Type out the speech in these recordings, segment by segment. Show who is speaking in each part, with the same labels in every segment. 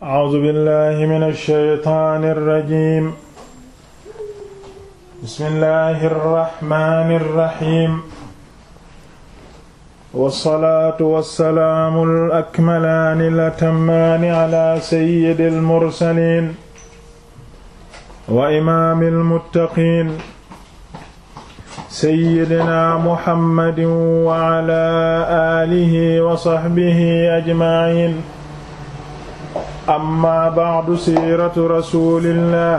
Speaker 1: A'uuzu billaahi mina shaytaani rajiim. Bismillaahi rahmaani rahiim. Wassalaatu wassalaamu al-akmalaani al-atammaani alaa sayyidil mursaliin. Wa imaamil muttaqiin. Sayyidinaa Muhammadin wa alaa aalihi wa sahbihi ajmaciin. amma ba'du siiratu rasulillah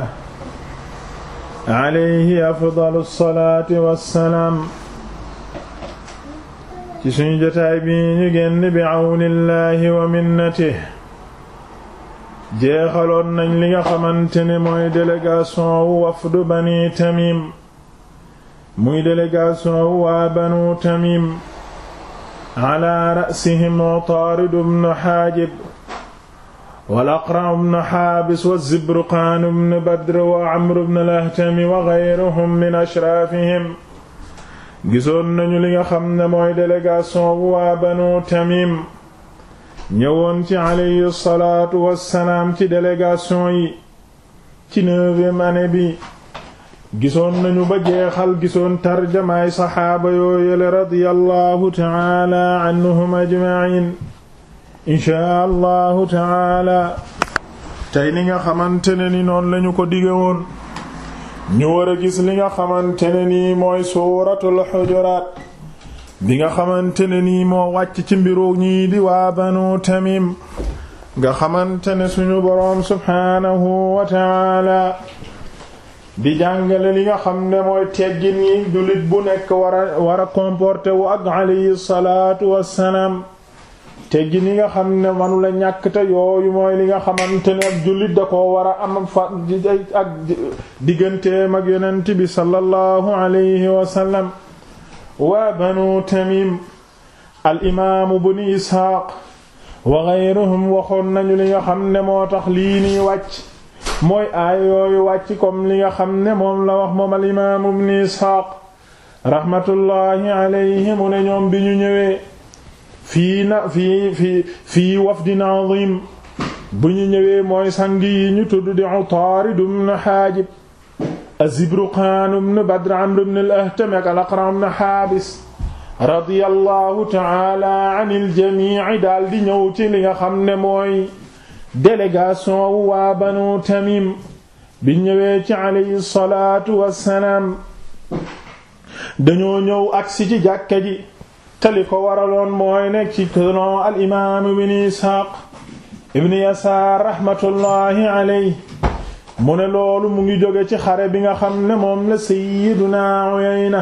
Speaker 1: alayhi afdalu salaati wassalaam ci suñu jotaay bi ñu génn bi awnillahi wa minnatihi jeexaloon nañ li nga xamante ne mooy délégation wu wafdu bani tamim muy délégation wu banu tamim ala ra'sihim Utaarid ibn Haajib wal Aqra' ibn Haabis wa Zibruqaan ibn Badr wa Amr ibn al-Ahtam wa ghayruhum min ashraafihim gisoon nañu li nga xam ne mooy délégation bu waa Banu Tamim ñëwoon ci alayhi salaatu wassalaam ci délégation yi ci neuvième année bi gisoon nañu ba jeexal gisoon tarjamaay saxaaba yooyale radiyallahu ta'ala anhum ajma'in inchaa allahu taala tey ni nga xamante ne ni noon lañu ko dige woon ñu war a gis li nga xamante ne nii mooy suuratul xujuraat bi nga xamante ne nii moo wàcc ci mbiru ñii di waa banu tamim nga xamante ne suñu boroom subhaanahu wa taala di jàngale li nga xam ne teggin yi jullit bu nekk war a war a salaatu wassalaam teggin yi nga xam ne manu la ñàkk te yooyu mooy li nga xamante ne ab jullit da koo war a am fa ak digganteem ak yonent bi sallallahu alayhi wa sallam waa banu tamim al imaamu bunu isxaaq wa geyruhum waxoon nañu li nga xam ne moo tax lii nii wàcc mooy aaya yooyu wàcc comme li nga xam ne moom la wax moom al imaamu bunu isxaaq mu ne ñoom bi ñu ñëwee fii na fii fii fii bu ñu ñëwee mooy sang ñu tudd di Utaarid ibn Haajib Az-Zibruqaan ibn Badr Amr ibn al-Ahtam ak al-Aqra' ibn Haabis ta'ala anil jamii daal di ñëw ci li nga xam ne mooy délégation waa Banu Tamim bi ñëwee ci alayhi salaatu wassalaam dañoo ñëw agsi ci jàkka ji tali ko waraloon mooy nekk ci konon al imaam ibn isxaaq ibn yasaar rahmatullahi alayhi mu ne loolu mu ngi jóge ci xare bi nga xam ne moom la sayyiduna uyayna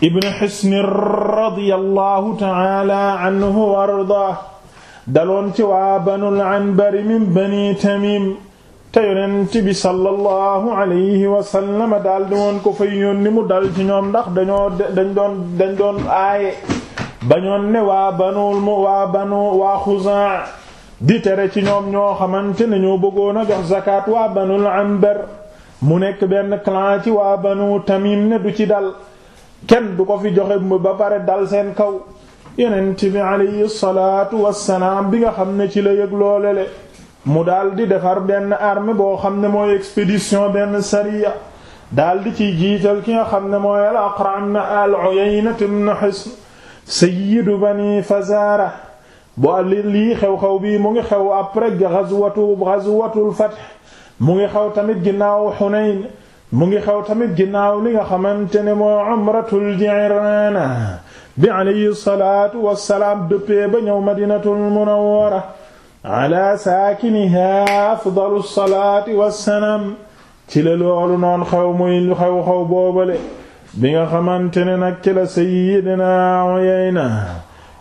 Speaker 1: ibn hisn radiyallahu ta'ala anhu wa ardaa daloon ci waa banul anbari min bani tamim te yonent bi sallallahu alayhi wa sallam daal di woon ko fay ni mu dal ci ñoom ndax dañoo dañ doon dañ doon aaye bañoon ne waa banul mu waa banu waa Xuzaa di tere ci ñoom ñoo xamante ne ñoo bëggoon a jox zakat waa banul Anbar mu nekk benn clan ci waa banu Tamim ne du ci dal kenn du ko fi joxe ba pare dal seen kaw yonent bi alayhi salaatu wassalaam bi nga xam ne ci la yëg loole le mu daal di defar benn armée boo xam ne mooy expédition benn sariya daldi ciy jiital ki nga xam ne mooy al Aqra' ibn al Uyayna ibn Hisn sayyidu bani Fazara boo lii xew-xew bii mu ngi xew après ghazwatu ghazwatul Fath mu ngi xew tamit ginnaaw Hunayn mu ngi xew tamit ginnaaw li nga xamante ne mooy umratul Ji'rana bi alayhi salaatu wassalaam dëppee ba ñëw Madinatul Munawwara ala saakiniha afdalu salaati wassalaam ci la loolu noon xew muy xew xew boobale bi nga xamante ne nag ci la sayyidina Uyayna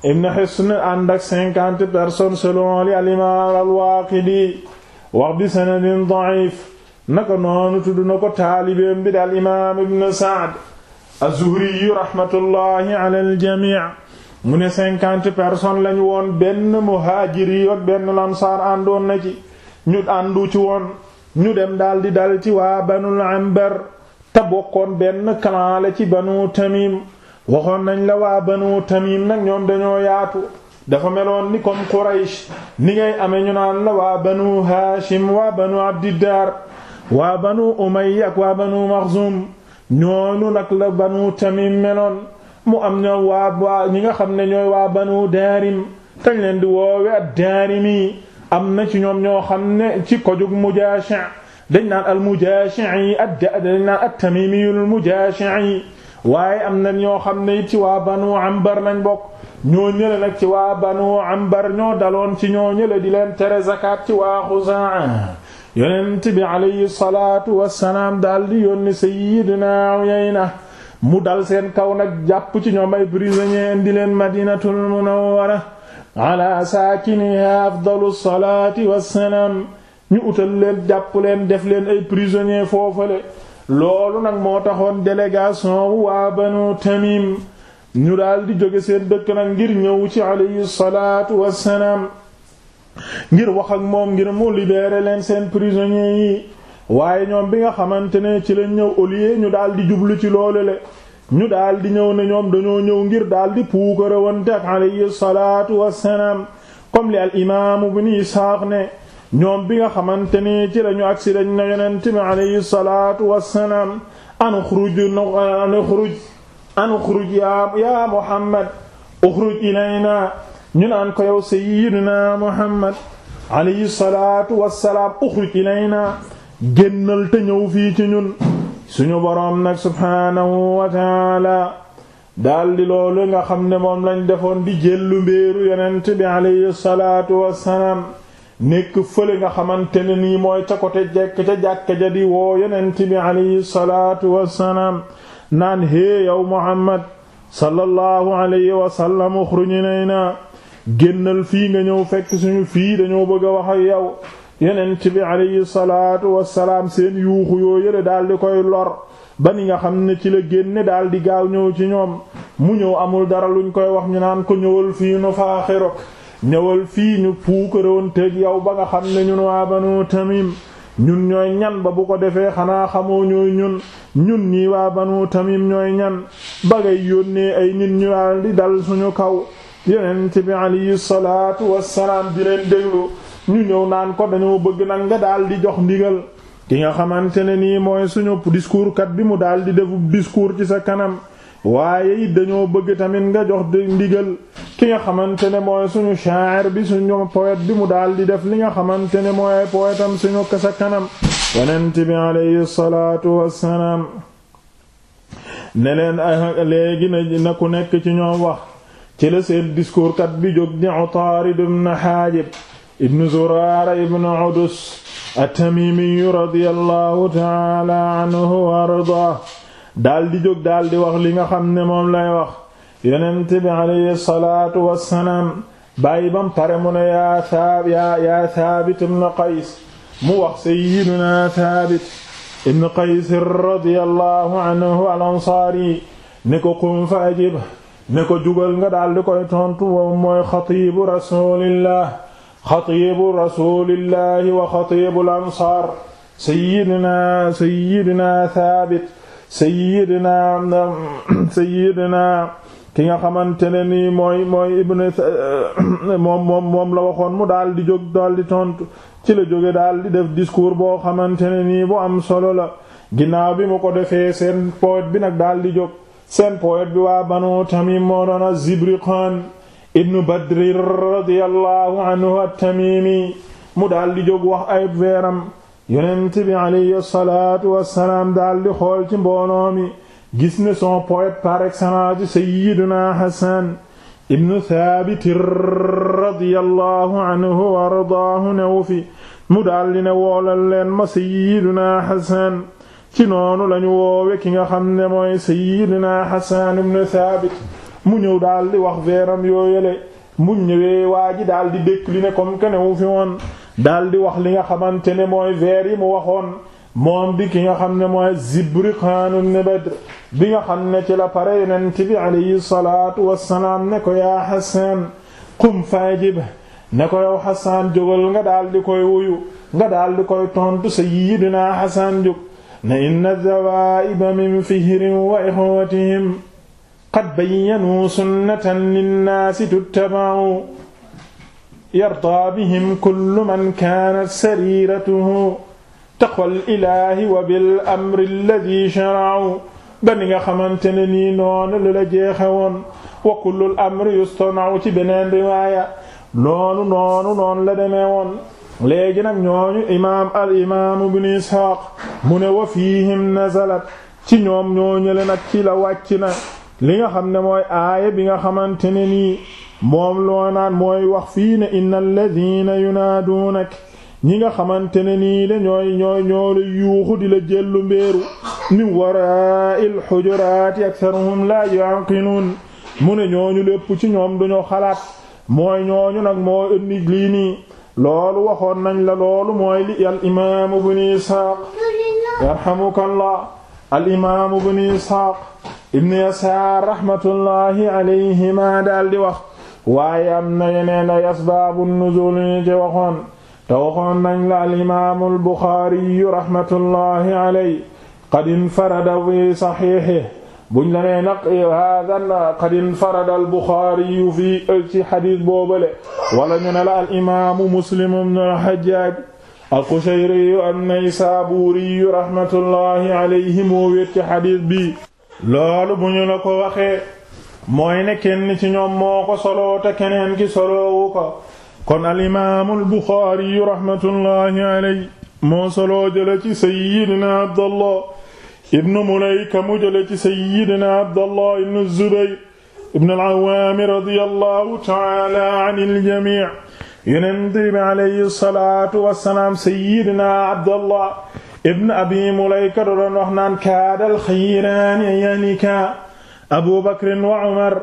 Speaker 1: ibn Hisn ànd ak cinquante personnes selon li al-imaam al-Waaqidi wax bi sanadin da'if naka noonu tudd na ko taalibeem bi di al-imaam ibn Sa'd az-Zuhri rahmatullahi ala al-jamii' mu ne cinquante personnes lañu woon benn muhaajir yi ak benn lamsaar àndoon na ci ñu àndu ci woon ñu dem daldi dal ci waa banul ambar te bokkoon benn clan la ci banu tamim waxoon nañ la waa banu tamim nag ñoom dañoo yaatu dafa meloon ni comme Quraysh ni ngay amee ñu naan la waa banu haashim waa banu abdiddar waa banu umayya ak waa banu maxzum ñoonu nag la banu tamim meloon mu am ñoom waa waa ñi nga xam ne ñooy waa banu daarim tañ leen di woowe ak daarimi am na ci ñoom ñoo xam ne ci kojug mujaashi dañ naan al mujaashi yi ak dañ naan at tamimiyul mujaashi yi waaye am na ñoo xam ne it ci waa banu ambar lañ bokk ñoo ñële nag ci waa banu ambar ñoo daloon ci ñoo ñële di leen tere zakat ci waa xusaa yonent bi alayhi salaatu wassalaam daal di yónni sayyidina Uyayna mu dal seen kaw nag jàpp ci ñoom ay prisonniers indi leen madinatul munawwara ala saakiniha afdalu salaati wassalaam ñu utal leen jàpp leen def leen ay prisonniers foofale loolu nag moo taxoon délégation wu waa banu tamim ñu daal di jóge seen dëkk nag ngir ñëw ci alayhi salaatu wassalaam ngir wax ak moom ngir mu libérer leen seen prisonniers yi waaye ñoom bi nga xamante ne ci lañ ñëw au lieu ñu daal di jublu ci loolu le ñu daal di ñëw ne ñoom dañoo ñëw ngir daal di puukare wante ak alayhi salaatu wassalaam comme li al imaamu ibn Isaaq ne ñoom bi nga xamante ne ci lañu agsi dañ na yonent bi alayhi salaatu wassalaam an uxruj ya ya Muhammad uxruj ilayna ñu naan ko yow sayyidina Muhammad alayhi salaatu wassalaam uxruj ilayna génnal te ñëw fii ci ñun suñu boroom nag subhaanahu wa taala daldi loolu nga xam ne moom lañ defoon di jëllu mbéeru yonent bi alayhi salaatu wassalaam nekk fële nga xamante ne nii mooy ca côté jekk ca jàkka ja di woo yeneen bi alayhi salaatu wassalaam naan hee yow Muhammad sallallahu alayhi wa sallam uxruj génnal fii nga ñëw fekk suñu fii dañoo bëgg a wax ak yow yeneen ci bi alayhi salaatu wassalaam seen yuuxu yoo yële daal di koy lor ba ni nga xam ne ci la génne daal di gaaw ñëw ci ñoom mu ñëw amul dara luñ koy wax ñu naan ko ñëwal fii nu faaxirok fii ñu puukaroon teg yow ba nga xam ne ñun waa banu tamim ñun ñooy ñan ba bu ko defee xanaa xamoo ñooy ñun ñun ñii waa banu tamim ñooy ñan ba ngay yónnee ay nit ñu daal di dal suñu kaw yonent bi alayhi salaatu wassalaam di leen déglu ñu ñëw naan ko dañoo bëgg nag nga daal di jox ndigal ki nga xamante ne nii mooy suñu discours bi mu daal di defu discours ci sa kanam waaye it dañoo bëgg tamit nga jox ndigal ki nga xamante ne mooy suñu sha'ir bi suñu poète bi mu daal di def li nga xamante ne mooy poète am suñu sa kanam yonent bi alayhi salaatu wassalaam ne leen ah, léegi na ku nekk ci ñoom wax ci la seen discours kat bi jóg di Utaarid ibn Haajib ibnu zuraara ibnu udus at-tamimiyu radiyallahu taala anhu wa ardaa daldi jóg daldi wax li nga xam ne moom lay wax yonent bi alayhi salaatu wassalaam bàyyi bam mu ne yaa aa yaa thaabit ibnu qays mu wax sayyidunaa thaabit ibnu qays radiyallahu ne ko qum fa ajib ne ko jugal nga daldi koy tontu moom mooy xatiibu rasuulillah xatiibu rasulillahi wa xatiibul ansaar sayyidina sayyidina Saabit sayyidina sayyidina ki nga xamante ne nii mooy mooy ibn moom moom moom la waxoon mu daal di jóg daal di tontu ci la jóge daal di def discours boo xamante ne nii bu am solo la ginnaaw bi mu ko defee seen poète bi nag daal di jóg seen poète bi waa Banu Tamim moo doon az-Zibriqaan ibnu badrir radiyallahu anhu at-tamimi mu daal di jóg wax ayub veeram yonent bi alayhi salaatu wassalaam daal di xool ci mbooloo mi gis ne son poète par excellence sayyiduna hasan ibnu thaabit radiyallahu anhu wa ardaahu new fi mu daal di ne woolal leen ma sayyiduna hasan ci noonu lañu woowe ki nga xam ne mooy sayyiduna hasan ibnu thaabit mu ñëw daal di wax veeram yooyale mu ñëwee waa ji daal di décliner comme que ne fi woon daal di wax li nga xamante ne mooy veer yi mu waxoon moom bi ki nga xam ne mooy Zibriqaan ibn Badr bi nga xam ne ci la pare yonent bi alayhi salaatu wassalaam ne ko yaa Hasan qum faajib ne ko yow Hasan jógal nga daal di koy wuyu nga daal koy tontu sayyidina Hasan jóg ne inna zawaa'iba min fihrin wa ikhwatihim qad bayyanu sunnatan linnaasi tuttaba'u yardaa bihim kullu man kaanat sariiratuhu taqwal ilaahi wa bil amri alladhi shara'u ba ni nga xamante ne nii noonu lu la jeexe woon wa kullul amri yustana'u ci beneen riwaaya noonu noonu noonu la demee woon léegi nag ñooñu imaam al imaam ibn Isxaaq mu ne wa fiihim nazalat ci ñoom ñoo ñële nag ci la wàcc na li nga xam ne mooy aaya bi nga xamante ne nii moom loo naan mooy wax fii ne inna alladina yunaaduunak ñi nga xamante ne nii de ñooy ñooy ñoo la yuuxu di la jëllu mbéeru min waraa'il xujuraati aktaruhum laa yaqiluun mu ne ñooñu lépp ci ñoom duñu xalaat mooy ñooñu nag moo indi lii nii loolu waxoon nañ la loolu mooy li al imaamu ibnu yarhamukallah al imaamu ibnu ibn yasaar rahmatullahi alayhima daal di wax waaye am na yeneen ay asbaabu nuzul ñu ci waxoon te waxoon nañ la al imaamu al buxaari rahmatullahi alayhi qad infarada fi saxiixihi buñ la nee nag haadan qad infarada al buxaari fi ci xadiis boobale wala ñu ne la al imaamu muslim ibn al hajjaaj al qushayri an-naysaabuuri rahmatullahi alayhi moo wéet ci xadiis bi loolu bu ñu la ko waxee mooy ne kenn ci ñoom moo ko soloo te keneen ki soloowu ko kon alimaamu albuxaari rahmatullahi aley moo soloo jële ci sayidina abdallah ibnu mulayka mu jële ci sayidina abdallah ibnu zubayr ibnu alawaami radiyallahu taala an aljamic yonent bi alayhi salaatu wassalaam sayidina abdallah ibn abi mulayka da doon wax naan kaadal xayraani abu bakrin wa umar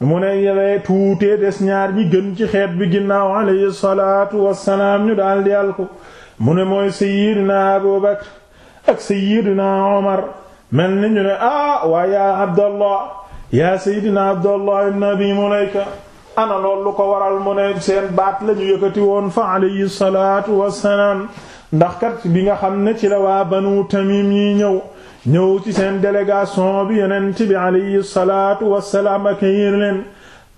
Speaker 1: mu ne yewee tuutee des ñaar ñi gën ci xeet bi ginnaaw alayhi salaatu wassalaam mu ne mooy sayyidina abu bakr ak sayyidina umar mel ni ñu ne aa ah, waa yaa abdallah yaa sayyidina abdallah ibn abi mulayka ana loolu ko waral mu ne seen baat lañu yëkkati woon fa alayhi salaatu wassalaam ndax kat bi nga xam ne ci la waa banu tamim yi ñëw ñëw ci seen délégation bi yonent bi alayhi salaatu wassalaam ak yéen leen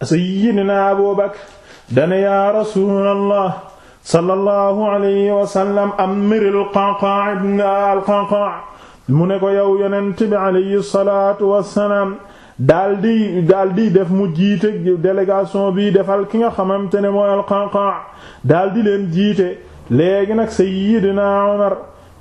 Speaker 1: sayyidina Abu Bakr dane yaa rasuulallah sallallahu alayhi wa sallam mu ne ko yow yonent bi alayhi salaatu wassalaam daldi daldi def mu jiite délégation bi defal ki nga xamante ne mooy al-Qaqaa daldi leen jiite léegi nag sayyidina Umar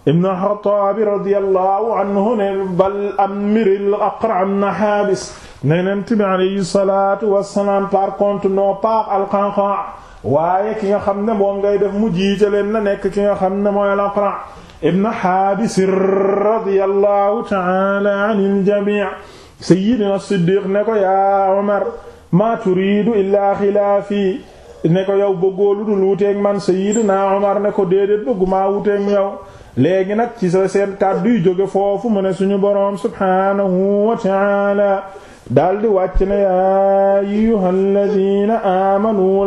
Speaker 1: ibn al-Khattab radiyallahu anhu ne bal amiril Aqra' ibn Habis Yonent bi alayhi salaatu wassalaam par contre non pas al-Qa'qa' waaye ki nga xam ne moom ngay def mu jiite leen na nekk ki nga xam ne mooy al-Aqra' ibn Habis radiyallahu ta'ala anil jamii' sayyidina Siddiq ne ko yaa Umar ma turiidu illaa xilaafi ne ko yow bëggoo lu dul wuteeg man Sayyidina Umar ne ko déedéet bëggumaa wuteeg yow léegi nag ci sa seen kàddu yu jóge foofu mu ne suñu boroom subhaanahu wa ta'ala daldi wàcc ne yaa ayyuhal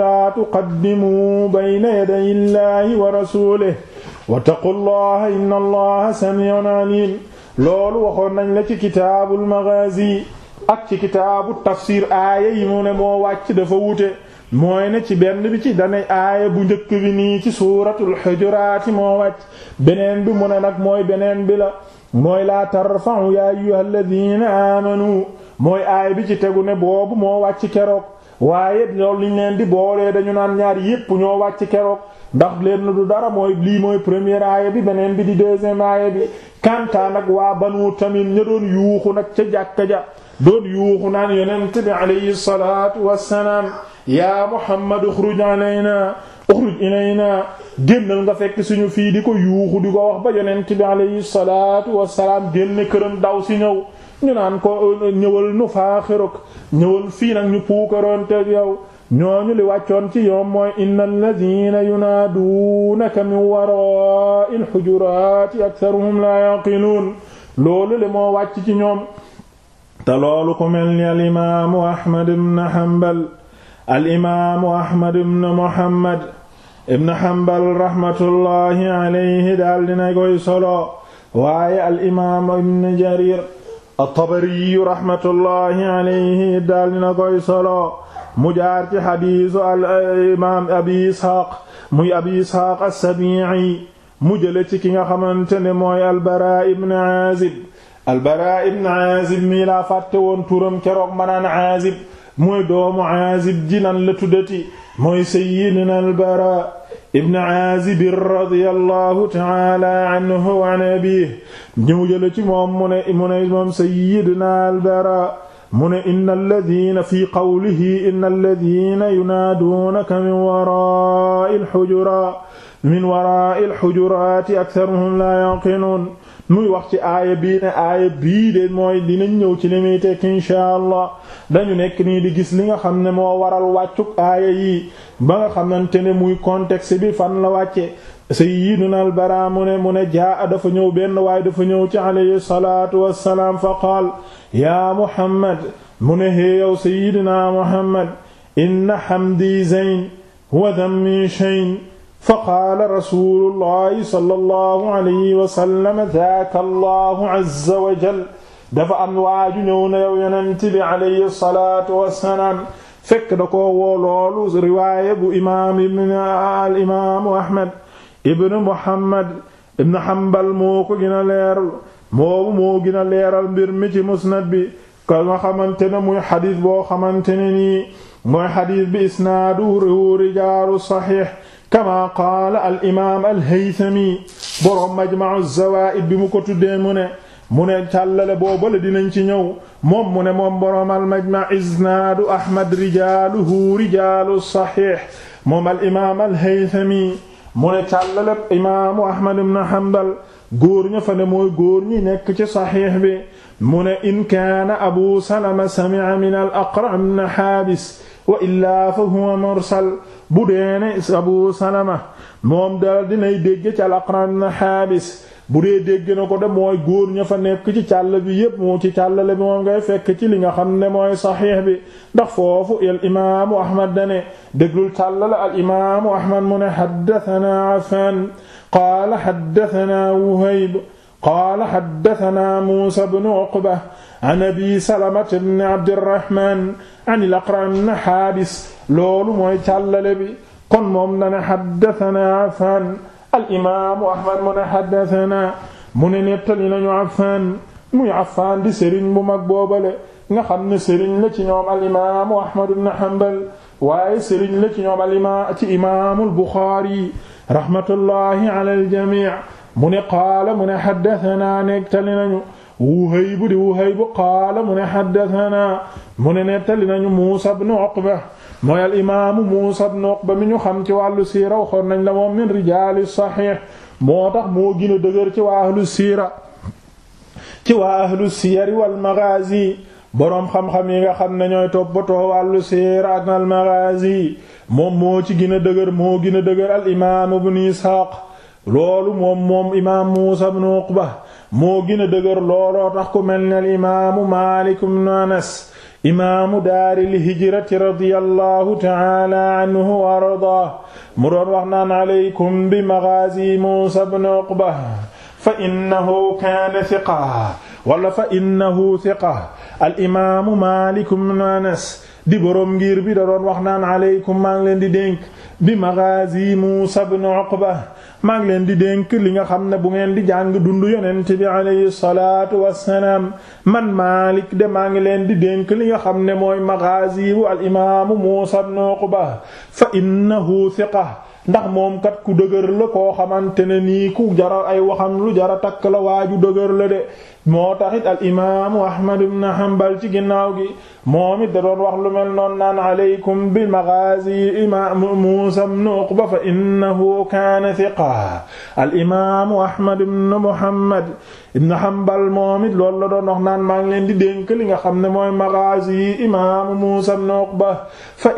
Speaker 1: laa tuqaddimu bayna yaday illaahi wa rasuulihi wattaqullaha inna allaha sami'un alim loolu waxoon nañ la ci kitaabul maghazi ak ci kitaabu tafsir aaya yi mu ne moo wàcc dafa wute mooy na ci benn bi ci dane aaya bu njëkk bi nii ci suuratul xujuraati moo wàcc beneen bi mu ne nag mooy beneen bila mooy laa tarfa'u ya ayyuhal ladina amanu mooy aaya bi ci tegu ne boobu moo wàcc keroog waaye loolu liñ leen di boolee dañu naan ñaar yépp ñoo wàcc keroog ndax leen du dara mooy lii mooy première aaya bi beneen bi di deuxième aaya bi kantaa nag waa banu tamim ña doon yuuxu nag ca jàkka ja doon yuuxu naan yonent bi alayhi salaatu wassalaam yaa Muhammad uxruj alayna uxruj ilayna génnal nga fekk suñu fii di ko yuuxu di ko wax ba yonent bi alayhi salaatu wassalaam génne këram daw si ñëw ñu naan ko ñëwal nu faaxiruk ñëwal fii nag ñu puukaroonte yow ñooñu li wàccoon ci yoom mooy inna alladina yunaaduunaka min wara'i alxujuraati aktharuhum la yaqiluun loolu li moo wàcc ci ñoom te loolu ku mel ni al imaamu Ahmad ibn Hanbal al imaamu ahmad ibn muhammad ibn hanbal rahmatullahi alayhi daal dina koy solo waaye al imaamu ibn jarir at-tabariyu rahmatullahi alayhi daal dina koy solo mu jaar ci xadiisu al imaam abi isxaaq muy abi isxaaq as-sabiici mu jële ci ki nga xamante ne mooy albara ibn aazib albara ibn aazib mii laa fàtte woon turam keroog manaan aazib mooy doomu aazib ji nan la tuddati mooy sayyidina al-Baraa ibn aazib radiyallahu ta'ala anhu wa an abiihi ñëw jële ci moom mu ne mu ne moom sayyidina al-Baraa mu ne inna alladina fi qawlihi inna alladina yunaaduunaka min waraa'i al-hujuraati min waraa'i al-hujuraati aktharuhum laa yaqinuun muy wax ci aaya bii ne aaya bii de mooy dina ñëw ci li muy tekk inshaa allah dañu nekk nii di gis li nga xam ne moo waral wàccuk aaya yi ba nga xamante ne muy contexte bi fan la wàcce sayyiduna al-Baraa mu ne mu ne jaa dafa ñëw benn waaye dafa ñëw ci alayhi salaatu wassalaam fa qaal yaa Muhammad mu ne héeyow sayyidina Muhammad inna hamdi zayn wa dhammi shayn fa qaala rasulullahi sallallahu alayhi wa sallam daaka allahu azza wa jal dafa am waaju ñëw na yow yonent bi alayhi salaatu wassalaam fekk da ko woo loolu riwaaya bu imaam ibn al imaamu ahmad ibn muhammad ibn hanbal moo ko gën a leeral moobu moo gën a leeral mbir mi ci musnad bi ka nga xamante ne muy xadiis boo xamante ne nii mooy xadiis bi isnaaduhu rijaalu saxiix kama qaala al imaam al haythami borom majma'u zawaa'id bi mu ko tuddee mu ne mu ne càllale boobale dinañ ci ñëw moom mu ne moom borom al majma' isnaadu ahmad rijaaluhu rijaalu saxiix moom al imaam al haythami mu ne càllale imaamu ahmad ibn hanbal góor ña fa ne mooy góor ñi nekk ci saxiix bi mu ne in kaana abu salama sami'a min al aqra' ibn haabis wa illaa fa huwa mursal bu dee ne Abu Salama moom daal dinay dégg ci al-Aqra ibn Haabis bu dee dégg na ko de mooy góor ña fa nekk ci càll bi yépp moo ci càllale bi ngay fekk ci li nga xam ne mooy saxiix bi ndax foofu al imaamu ahmad dane déglul càllale al imaamu ahmad mu ne xaddatanaa Affaan qaala xaddatanaa Wuhayb qaala xaddatanaa muusa bnu uqba an abi salamata bni abdirahman an il aqra bna xaabis loolu mooy càllale bi kon moom dana xaddatanaa afaan alimaamu ahmad mu ne xaddatanaa mu ne nettali nañu afaan muy afaan di sëriñ bu mag boobale nga xam ne sëriñ la ci ñoom alimaamu ahmad bnu hanbal waaye sëriñ la ci ñoom alimaa ci imaamul buxaari rahmatullahi ala aljamii mu ne qaala mu ne xaddatanaa nettali nañu wuhaybu di wuhaybu qaala mu ne xaddatanaa mu ne nettali nañu muusa bnu uqba mooy al imaamu muusa bnu uqba mi ñu xam ci wàllu siira waxoon nañ la moom min rijaali saxiix moo tax moo gën a ci waa ahlu siira ci waa ahlu siyari wal magaazi yi nga xam ne ñooy toppatoo wàllu siira ak al magaazi moom moo ci gën a dëgër moo gën a dëgër al bnu isxaaq loolu moom moom imaam Muusa ibn Uqba moo gën a dëgër looloo tax ku mel ne imaamu Maalik ibn Anas imaamu daaril hijrati radiyallahu ta'ala anhu wa ardaa mu doon wax naan aleykum bi maghaazi Muusa ibn Uqba fa innahu kaana thiqa wala fa innahu thiqa al imaamu Maalik ibn Anas di boroom ngir bi da doon wax naan aleykum maa ngi leen di dénk bi maghaazi Muusa ibn Uqba maa ngi leen di dénk li nga xam ne bu ngeen di jàng dund yonent bi alayhi salaatu wassalaam man Maalik de maa ngi leen di dénk li nga xam ne mooy maghazi al imaamu Muusaa ibn Uqba fa innahu thiqa ndax moom kat ku dëgër la koo xamante ne nii ku jara ay waxam lu jara takk la waaju dëgër la de moo taxit al imaamu ahmad ibn ci ginnaaw gi moom it da doon wax lu mel noon naan aleykum bi maghazi imaam muusa ibn uqba fa kaana thiqa al imaamu ahmad muhammad ibn hanbal la maa ngi leen di li nga xam ne mooy maghazi muusa ibn uqba fa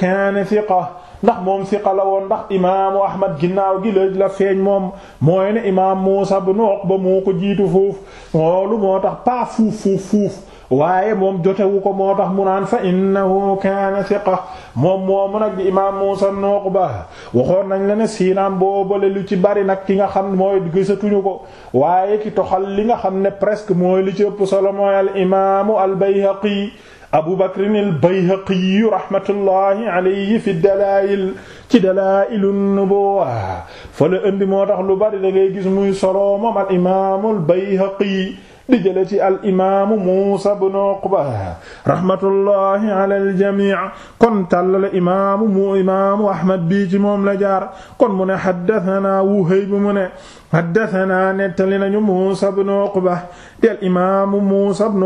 Speaker 1: kaana thiqa ndax moom siqa la woon ndax imaamu ahmad ginnaaw gi léegi la feeñ moom mooy ne imaam muusa ibn Uqba moo ko jiitu foofu loolu moo tax pas fuuf fuuf waaye moom jotewu ko moo tax mu naan fa innahu kaana siqa moom moomu nag di imaam Muusa ibn Uqba waxoon nañ la ne siinaam boobale lu ci bari nag ki nga xam mooy gisatuñu ko waaye ki toxal li nga xam ne presque mooy li ci ëpp solo mooy al imaamu al Bayhaqi abu bakrin al-bayhaqiyu rahmatullahi alayhi fi dalaa'il ci dalaa'ilun nubuwwa fa la indi moo tax lu bari da ngay gis muy solo moom al imaamul bayhaqi di jële ci al imaamu Muusa ibn Uqba rahmatullahi ala al jamii kon tàllale imaamu mu imaamu Ahmad bi ci moom la jaar kon mu ne haddathana Wuhayb mu ne haddathana nettali nañu Muusa ibn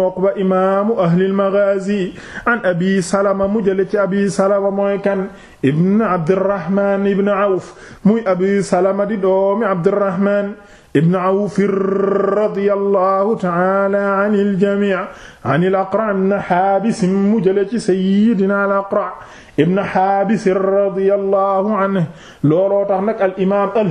Speaker 1: Uqba ahli al-maghaazi an Abi Salama mu jële ci Abi Salama mooy kan ibn Abdurrahman ibn Awf muy Abi Salama di doomi Abdurrahman ibn Awf radiyallahu ta'ala anil jamii anil ci sayyidina al Aqra' tax nag al imaam al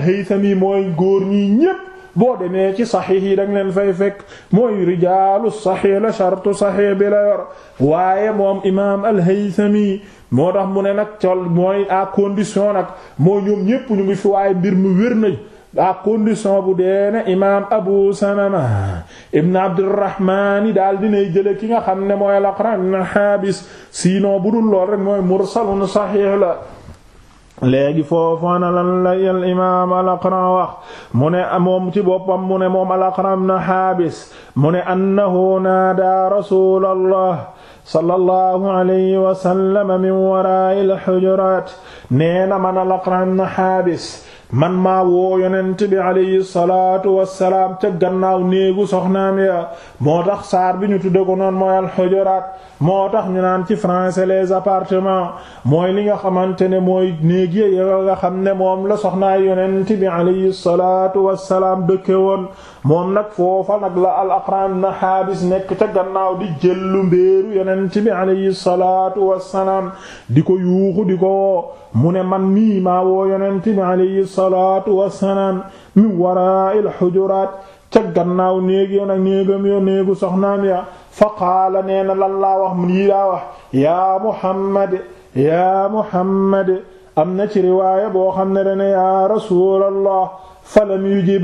Speaker 1: mooy góor ñi ñépp boo demee ci saxiix yi danga leen fay fekk mooy rijaalu saxiix la shartu saxiix bi la yor waaye moom imaam al-Haythami moo mu ne nag col mooy à condition nag moo ñoom ñépp waaye mbir mu wir nañ à condition bu dee ne imaam Abu Salama ibn Abdurrahman daal dinay jële ki nga xam ne mooy al-Aqra' saxiix la. léegi foofu na lan la al imaam al-Aqra' wax mu ne mu ne al-Aqra' ibn Haabis mu ne annahu naadaa rasuulallah sallallahu alayhi min waraa'il hujuraat nee na man al-Aqra' ibn Haabis man maa woo yonent bi alayhi salaatu wassalaam ca gannaaw néegu soxnaam ya moo tax saar bi ñu tudde ko noon mooy alxujuraat moo tax ñu naan ci français les appartements mooy li nga xamante ne mooy néeg yi ya nga xam ne moom la soxnaay yonent bi alayhi salaatu wassalaam dëkke woon moom nag foofa nag la al aqran na xaabis nekk ca gannaaw di jëllu mbéeru yonent bi alayhi salaatu wassalaam di ko yuuxu di ko mu ne man mii maa woo yonent bi alayhi salaatu wassalaam min waraa'il xujuraat ca gannaaw néeg yoon ak néegam yoon néegu soxnaam ya fa qaala nee na lan wax lii laa wax yaa Muhammad yaa Muhammad am na ci riwaaya boo xam ne dane yaa rasuulallah falam yujib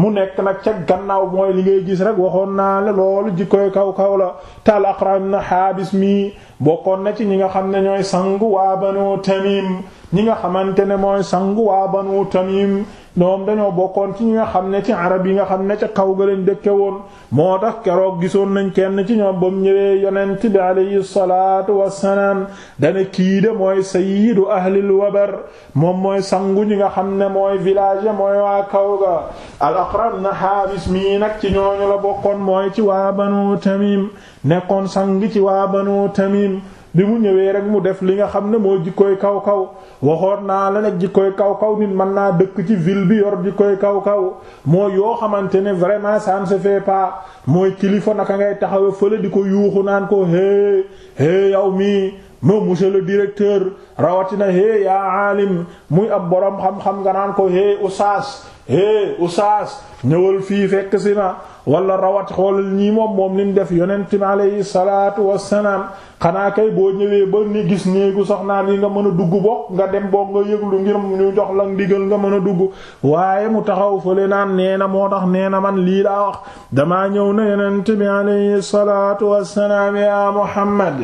Speaker 1: mu nekk nag ca gannaaw mooy li ngay gis rek waxoon naa la loolu jikkoy kaw kaw la tal Aqra ibn Haabis mii bokkoon na ci ñi nga xam ne ñooy sangu waa Banu Tamim ñi nga xamante ne mooy sangu waa banu tamim ñoom dañoo bokkoon ci ñi nga xam ne ci arab yi nga xam ne ca kaw ga leen dëkke woon moo tax keroog gisoon nañ kenn ci ñoom ba mu ñëwee yonent bi alayhi salaatu wassalaam dane kii de mooy sayyidu ahlil wabar moom mooy sangu ñi nga xam ne mooy village mooy waa kaw ga al na xaabis mii nag ci ñooñu la bokkoon mooy ci waa banu tamim nekkoon sang ci waa banu tamim bi mu ñëwee rek mu def li nga xam ne mooy jikkoy kaw kaw waxoon naa la nag jikkoy kaw kaw nit man naa dëkk ci ville bi yor jikkoy kaw kaw mooy yoo xamante ne vraiment ça ne fait pas mooy kilifa naka ngay taxawe fële di ko yuuxu naan ko hé hé yow mii mo monsieur le directeur rawatina hé yaa aalim muy ab borom xam-xam nga naan ko hé oustaz hé usaas ñëwal fii fekk si na wala rawat xoolal ñii moom moom li mu def yonent mi aleyhi salaatu wassalaam xanaa kay boo ñëwee ba ni gis néegu soxnaan yi nga mën a dugg bokk nga dem bokk nga yëglu ngir ñu jox la ndigal nga mën a dugg waaye mu taxaw fële naan nee na moo tax nee na man lii laa wax damaa ñëw na yonent mi aleyhi salaatu wassalaam ya Muhammad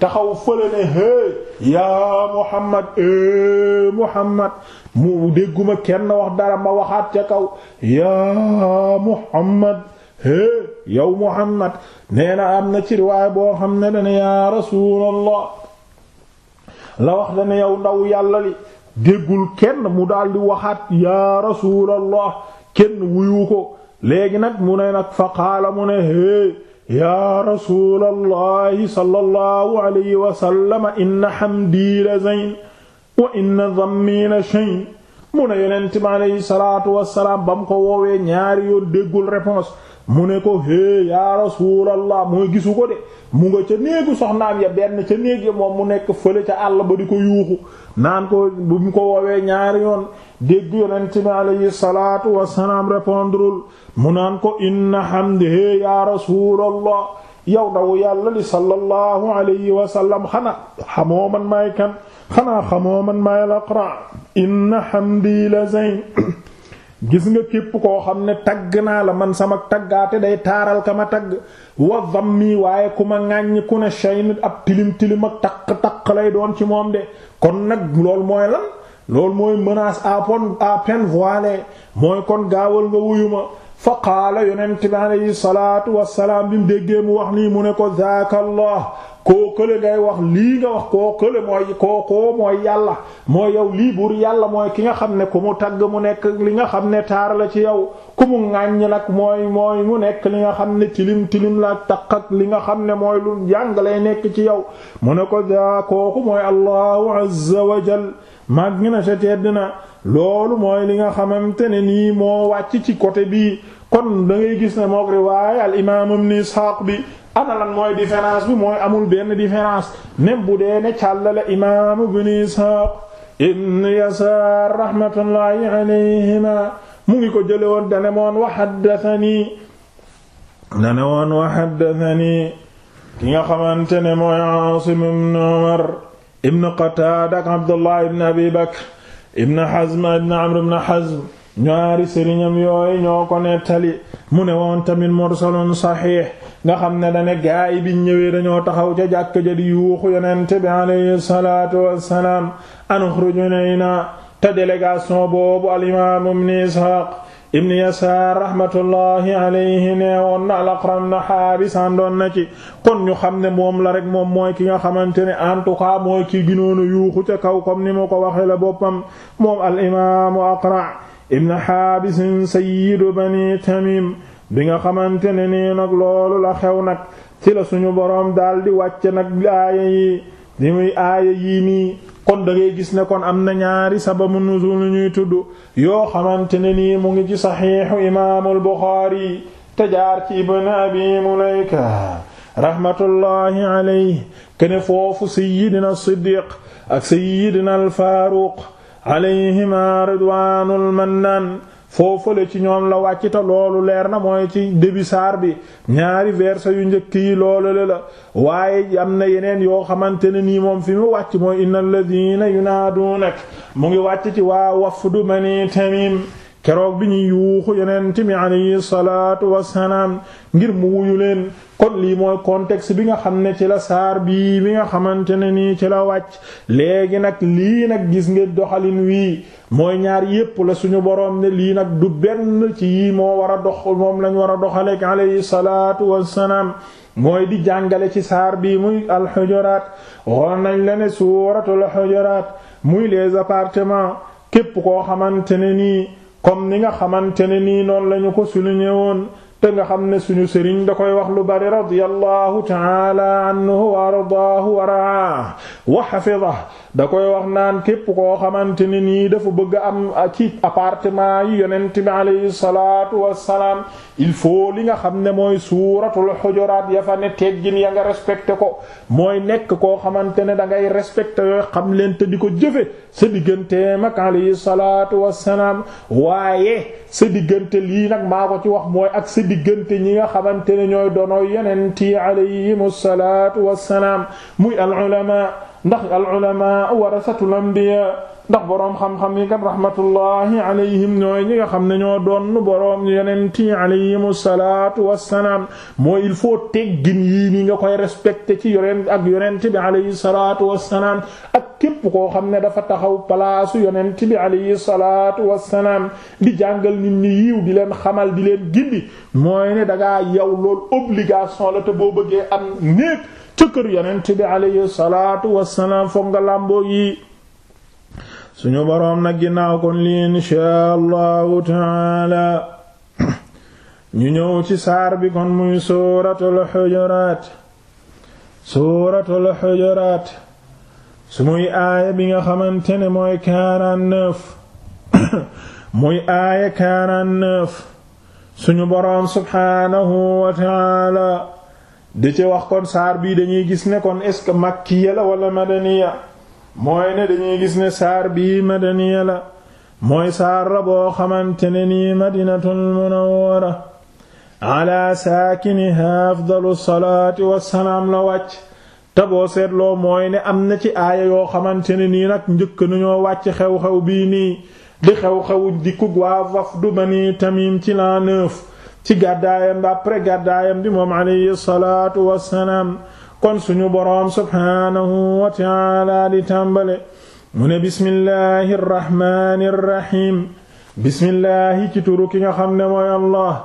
Speaker 1: taxaw fële ne hey yaa Muhammad eh Muhammad mu dégguma kenn wax dara ma waxaat ca kaw yaa Muhammad hey yow Muhammad nee na am na ci riwaay boo xam ne dana yaa Rasuulallah la wax dana yow ndaw yàlla li déggul kenn mu daldi waxaat yaa Rasuulallah kenn wuyu ko léegi nag mu ne nag fa qaala mu ne hey. yaa rasulallahi sallallahu alayhi wa sallam inna hamdi la zayn wa inna dammi la shayn mu ne yonent bi alayhi salaatu wasalaam ba mu ko woowee ñaari yoon déggul réponse mu ne ko hé ya rasulallah mooy gisu ko de mu nga ca néegu soxnaam ya benn ca néeg ya moom mu nekk fële ca àll ba di ko yuuxu naan ko bu mu ko woowee ñaari yoon dégg yonent bi alayhi salaatu wassalaam répondreul mu naan ko inna hamd hé ya rasulallah yow daw yàlla li sallallahu alayhi wa sallam xana xamoo man maay kan xanaa xamoo man maay al aqra inna hamdi la zayn gis nga képp koo xam ne tagg naa la man sama taggaate day taaral ka ma tagg wa dammi waaye ku ma ŋàññ ku ne shayn ab tilim tilim ak taq taq lay doon ci moom de kon nag lool mooy lan loolu mooy menace à peine à peine mooy kon gaawal nga wuyu ma fa qaala yonent bi alayhi salaatu wassalaam bi mu déggee mu wax nii mu ne ko zaaka allah koo kële ngay wax lii nga wax koo kële mooy koo koo mooy yàlla mooy yow lii buur yàlla mooy ki nga xam ne ku mu tagg mu nekk li nga xam ne taar la ci yow ku mu ŋàññ nag mooy mooy mu nekk li nga xam ne tilim tilim la taq ak li nga xam ne mooy lu jàng lay nekk ci yow mu ne ko daa kooku mooy allahu azza wa jal mag na sa tedd na loolu mooy li nga xamante ne nii moo wàcc ci côté bii kon dangay gis ne mook riwaaya al imaam ibn bi ana lan mooy différence bi mooy amul benn différence même bu dee ne càllale imaam ibn Isxaaq ibn Yasaar rahmatullahi mu ngi ko jële woon dane moon wa dane woon wa ki nga xamante ne mooy Aasim ibn Umar ibn Qataada ak Abdullah Abi Bakr a Hazm ibn Amr ibn Hazm ñaari sëriñam yooyu ñoo ko nettali mu ne woon tamit mursalun saxiix nga xam ne dane gaay bi ñëwee dañoo taxaw ca jàkk ja di yuuxu yonent bi alayhi salaatu wassalaam an uxruj minna te délégation boobu al imaam ibn Isxaaq ibn yasaar rahmatullahi alayhi nee woon na al-Aqram na xaabis àndoon ci kon ñu xam ne moom la rek moom mooy ki nga xamante ne en tout cas mooy ki ginoonu yuuxu ca kaw comme ni ma ko waxe la boppam moom al imaamu Aqra ibn xaabis sayyidu bani tamim bi nga xamante ne nii nag loolu la xew nag ci la suñu boroom daal di wàcce nag aaya yi di muy aaya yii nii kon da ngay gis ne kon am na ñaari sababu nuzul ñuy tudd yoo xamante ne nii mu ngi ci saxiixu imaamul Buxaari te jaar ci ibn abi Mulayka rahmatullahi alayhi kene foofu sayyidina Siddiq ak sayyidina al-Faaruq alayhima ridwaanul mannaan foofu le ci ñoom la wàcc loolu leer na mooy ci début saar bi ñaari verset yu njëkk yi loolu la la waaye am na yeneen yoo xamante ne ni moom fi mu wàcc mooy innal ladina yunaadunak mu ngi wàcc ci waa wafdu bani tamim keroog bi ñuy yuuxu yonent mi alayhi salaatu wassalaam ngir mu leen kon lii mooy contexte bi nga xam ne ci la saar bii bi nga xamante ne nii ci la wàcc léegi nag lii nag gis nga doxalin wii mooy ñaar yépp la suñu boroom ne lii nag du benn ci yii moo war a dox moom lañ war a doxaleek alayhi salaatu wassalaam mooy di jàngale ci saar bii muy al-Hujurat waxoon nañ la ne suuratul Hujurat muy les appartements képp koo xamante ne nii comme ni nga xamante ne nii noonu lañu ko souligné woon te nga xam ne suñu sëriñ da koy wax lu bari radiyallahu ta'ala anhu wa ardaahu wa raa wa hafidah da koy wax naan képp koo xamante ne nii dafa bëgg am ci appartement yi yonent bi alayhi salaatu wassalaam il faut li nga xam ne mooy suuratul xujuraat ya fa ne teggin ya nga respecté ko mooy nekk koo xamante ne da ngay respecté yoo xam leen te di ko jëfe sa digganteem ak alayhi si diggante lii nag maa ko ci wax mooy ak sa diggante ñi nga xamante ne ñooy doonoo yonent yi alayhimu salaatu salaam muy al ulama ndax al ulama warasatul anbiya ndax boroom xam-xam yi kat rahmatullahi alayhim ñooy ñi nga xam ne ñoo doon boroom yonent yi alayhimu salaatu wassalaam mooy il faut teggin yii nii nga koy respecté ci yonent ak yonent bi alayhi salaatu wassalaam ak képp koo xam ne dafa taxaw palaasu yonent bi alayhi salaatu wassalaam di jàngal nit ñi yiw di leen xamal di leen gindi mooy ne dangaa yow loolu obligation la te boo bëggee am néeg ca kër yonent bi alayhi salaatu wassalaam foog nga làmboo yi suñu boroom nag ginnaaw kon li inshaa ñu ñëw ci saar bi kon muy suuratul xujuraat suuratul xujuraat su muy aaya bi nga xamante ne mooy 49 muy aaya 49 suñu boroom subhaanahu wa taala di ci wax kon saar bii dañuy gis ne kon est-ce que makkiya la wala madaniya mooy ne dañuy gis ne saar bii madaniya la mooy saar la boo xamante ne nii madinatul munawwara ala saakiniha afdalu salaati wassalaam la wàcc te seetloo mooy ne am na ci aaya yoo xamante ne nii nag njëkk nañoo wàcc xew-xew bii nii di xew-xewu dikkug waa wafdu bani tamim ci la neuf ci gàddaayam ba après gàddaayam bi moom alayhi salaatu wassalaam kon suñu boroom subhaanahu wa ta'aala di tàmbale mu ne bismillahi arrahmaani arrahim bismillahi ci turu ki nga xam ne mooy allah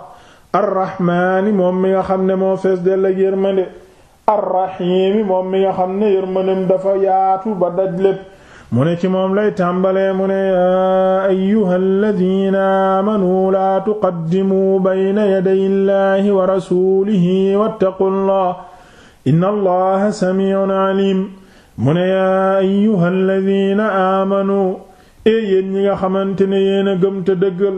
Speaker 1: arrahmaani moom mi nga xam ne moo fees dell ak yërmande arrahimi moom mi nga xam ne yërmandem dafa yaatu ba daj lépp mu ne ci moom lay tàmbalee mu ne yaa ayyuha alladina aamanu laa tuqaddimu bayna yaday illahi wa rasulihi wattaqu llah inna allaha samiun alim mu ne yaa ayyuha alladina aamanu e yéen ñi nga xamante ne yéen a gëm te dëggal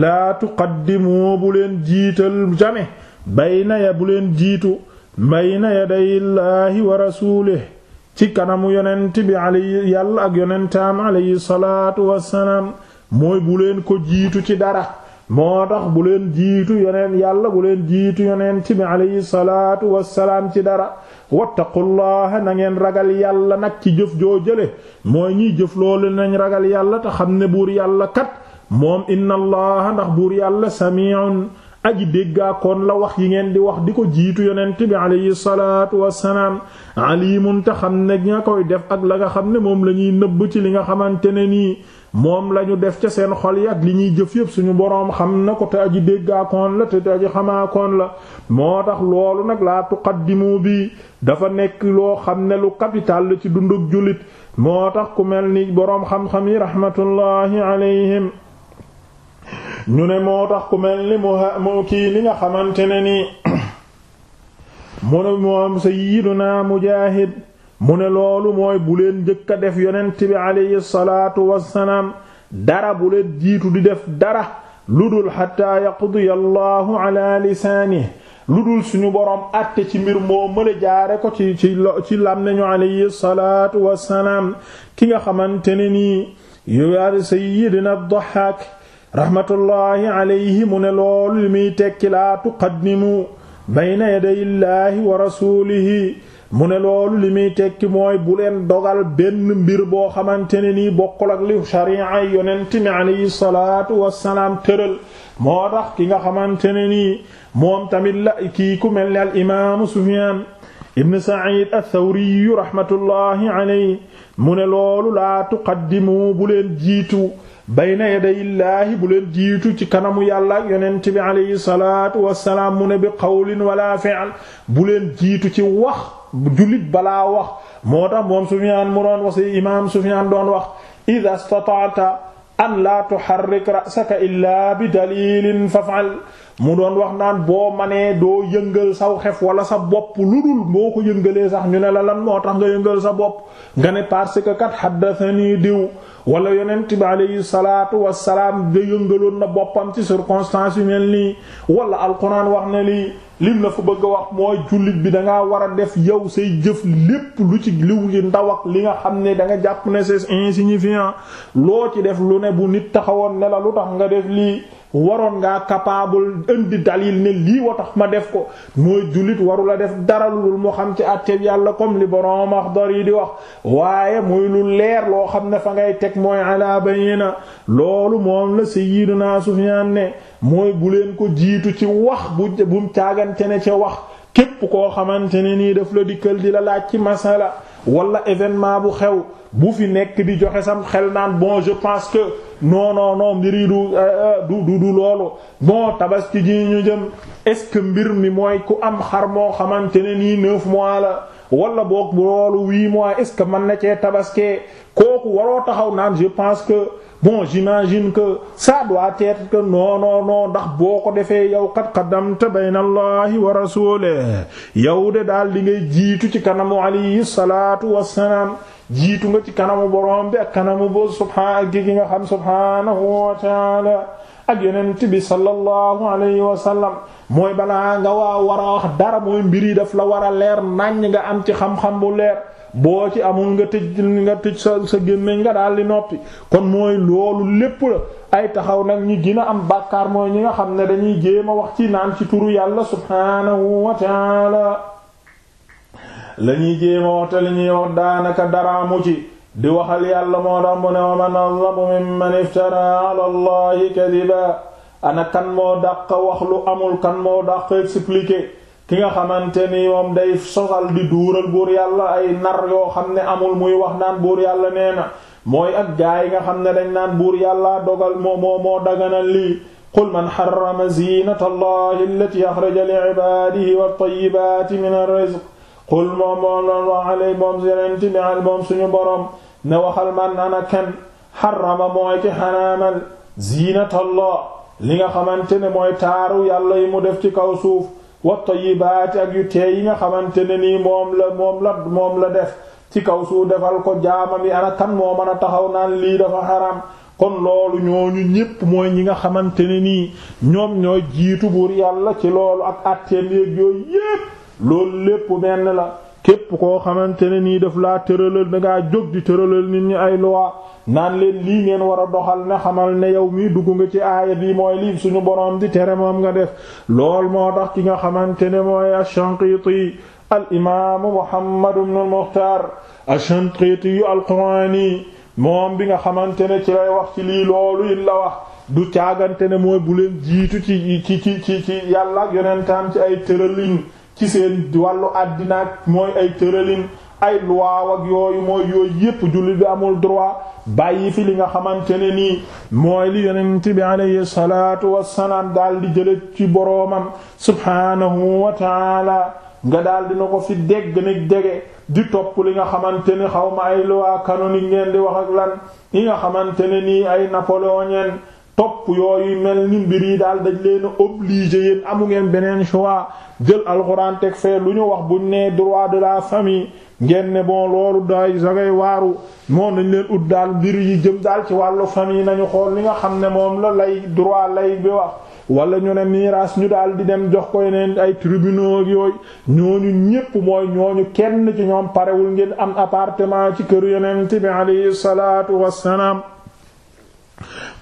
Speaker 1: laa tuqaddimu bu leen jiital jame bayna ya bu leen jiitu bayna yaday illahi wa rasulih ci kanamu yonent bi alayhi yàlla ak yonentaam alayhi salaatu wassalaam mooy bu leen ko jiitu ci dara moo tax bu leen jiitu yonent yàlla bu leen jiitu yonent bi alayhi salaatu wassalaam ci dara wattaqullaha na ngeen ragal yàlla nag ci jëf joo jële mooy ñiy jëf loolu nañ ragal yàlla te xam ne buur yàlla kat moom inna ndax buur yàlla sami'un aji déggaakoon la wax yi ngeen di wax di ko jiitu yonent bi alayhi salaatu wassalaam alimun te xam ne nga koy def ak la nga xam ne moom la ñuy nëbb ci li nga xamante ne nii moom lañu ñu def ca seen xol yi li ñuy jëf yëpp suñu boroom xam na ko te aji déggaakoon la te te aji xamaakoon la moo tax loolu nag laa tuqaddimu bi dafa nekk loo xam ne lu capital la ci dunduk jullit moo tax ku mel ni boroom xam-xam yi rahmatullahi alayhim ñu ne moo tax ku mel ni mu kii li nga xamante ne nii mu ne moom sayyiduna mujaahid mu ne loolu mooy bu leen jëkk a def yonent bi alayhi salaatu wassalaam dara bu leen jiitu di def dara lu dul xataa yaqdiya allahu ala lisaanihi lu dul suñu borom àtte ci mbir moo mële jaare ko ci ci ci lam nañu salaatu wassalaam ki nga xamante ne nii yu sayyidina ad-Dahhaak raxmatullaahi alayhi mu ne loolu li muy tekki laa tuqaddimu bayna yadayillaahi wa rasuulihi mu ne loolu li muy tekki mooy bu leen dogal benn mbir boo xamante ne nii bokkul ak li shari'a yonent mi alayhi salaatu moo tax ki nga xamante ne nii moom tamit la kii ku mel ni al imaamu Sufyaan ibn Sa'iid ath-Thawri rahmatullaahi alayhi mu ne loolu laa tuqaddimu bu jiitu bayna yadayillaahi bu leen jiitu ci kanamu yàlla ak yonent bi alayhi salaatu wassalaam mu ne bi qawlin wala fi'l bu leen jiitu ci wax jullit balaa wax moo tax moom Sufyaan mu doon wax si imaam Sufyaan doon wax idha istata'ta an la tuharrik ra'saka illaa bi dalilin faf'al mu doon wax naan boo manee doo yëngal saw xef wala sa bopp lu dul boo ko yëngalee sax ñu ne la lan moo tax nga yëngal sa bopp nga ne parce que kat haddathani diw wala yonent bi alayhi salaatu wassalaam da yëngaloon na boppam ci circonstance yu mel nii wala alquran wax ne lii lim la fa bëgg a wax mooy jullit bi dangaa war a def yow say jëf lépp lu ci liw ci ndaw ak li nga xam ne da nga jàpp ne c'est insignifiant loo ci def lu ne bu nit taxawoon ne la lu tax nga def lii waroon ngaa capable indi dalil ne lii wa tax ma def ko mooy jullit waru def dara lu mu xam ci àtteeb yàlla comme li borom Axdar yi di wax waaye muy lu leer loo xam ne fa ngay teg mooy ala na loolu moom la sayyidina naa ne mooy bu leen ko jiitu ci wax bu bu caagante ne ci wax képp koo xamante ne nii daf la dikkal di la laaj ci masala wala événement bu xew bu fi nekk di joxe sam xel naan bon je pense non no no mbiri du euh, euh, du du du loolu bon tabaski ji ñu jëm est mbir mi mooy ku am xar moo xamante ne nii neuf mois la wala boog loolu huit mois est-ce que mën na cee tabaskee kooku waroo taxaw naan je pense que bon j'imagine que ça doit être que non non non ndax boo ko defee yow kat qaddamta bayna allahi wa rasulihi yow de daal di ngay jiitu ci kanamu alayhi salaatu wassalaam jiitu nga ci kanamu borom bi ak kanamu bo subhaana gi nga xam subhaanahu wa ta'ala ak yonent bi sallallahu alayhi wa sallam mooy bala nga waa war a dara mooy mbir daf la war a leer naññ nga am ci xam-xam bu leer boo ci amul nga tëj nga tëj sa sa gémmiñ nga daal di noppi kon mooy loolu lépp la ay taxaw nag ñi gën am bàkkaar mooy ñi nga xam ne dañuy jéem a wax ci naan ci turu yàlla subhaanahu wa la ñuy jéema wax te daanaka daraamu ci di waxal yàlla moo tax mu ne wa man azlamu mimman iftara ala allahi kadiba ana kan moo dàq wax amul kan moo dàq expliquer ki nga xamante ni moom day sosal di duural buur yàlla ay nar yoo xam ne amul muy wax naan buur yàlla nee mooy ak yi nga xam ne dañ naan buur yàlla dogal moo moo moo daganal lii qul man xarama zinata allahi allati axraja li ibadihi wat tayyibati min ar qul moom moom loolu wax alay moom yenenti bi moom suñu boroom ne waxal man ana kan xarama mooy ci xanaamal ziinatallah li nga xamante ne mooy taaru yàlla yi mu def ci kaw suuf wa tayyibaati ak yi nga xamante ne nii moom la moom la moom def ci kaw suuf defal ko jaamam yi ana kan moo mën a taxaw naan lii dafa xaram kon loolu ñooñu ñépp mooy ñi nga xamante ne nii ñoom ñooy jiitu buur yàlla ci loolu ak àtteem yéeg yooyu yépp loolu lépp benn la képp koo xamante ne nii def laa tëralal dangaa jóg di tëralal nit ñi ay loi naan leen lii ngeen war a doxal ne xamal ne yow mii dugg nga ci aaya bi mooy lii suñu boroom di tere moom nga def lool moo tax ki nga xamante ne mooy ash-Shanqiti al imaamu Muhammad ibn al-Mukhtar ash-Shanqiti al-Qurani moom bi nga xamante ne ci lay wax ci lii loolu it la wax du caagante ne mooy bu leen jiitu ci ci ci ci ci yàlla ak yonentam ci ay tëralin ci di wàllu àddina mooy ay tëralin ay loi ak yooyu mooy yooyu yépp jullit bi amul droit bàyyi fi li nga xamante ne nii mooy li yonent bi alayhi salaatu wassalaam daal di jële ci boroomam subhaanahu wa taala nga daal dina ko fi dégg ni dege di topp li nga xamante ni xaw ay loi canonique ngeen di wax ak lan yi nga xamante ne nii ay napoléonien topp yooyu mel ni mbir daal dañ leen obligé amu ngeen beneen choix jël alxuraan teg fee lu ñu wax buñ nee droit de la famille ngeen ne bon loolu day sa ngay waaru moo nañ leen ut daal mbir yi jëm daal ci wàllu famille nañu xool li nga xam ne moom la lay droit lay bi wax wala ñu ne miraas ñu daal di dem jox ko yeneen ay tribunaux ak yooyu ñooñu ñépp mooy ñooñu kenn ci ñoom parewul ngeen am appartement ci kër yonent bi alayhi salaatu wassalaam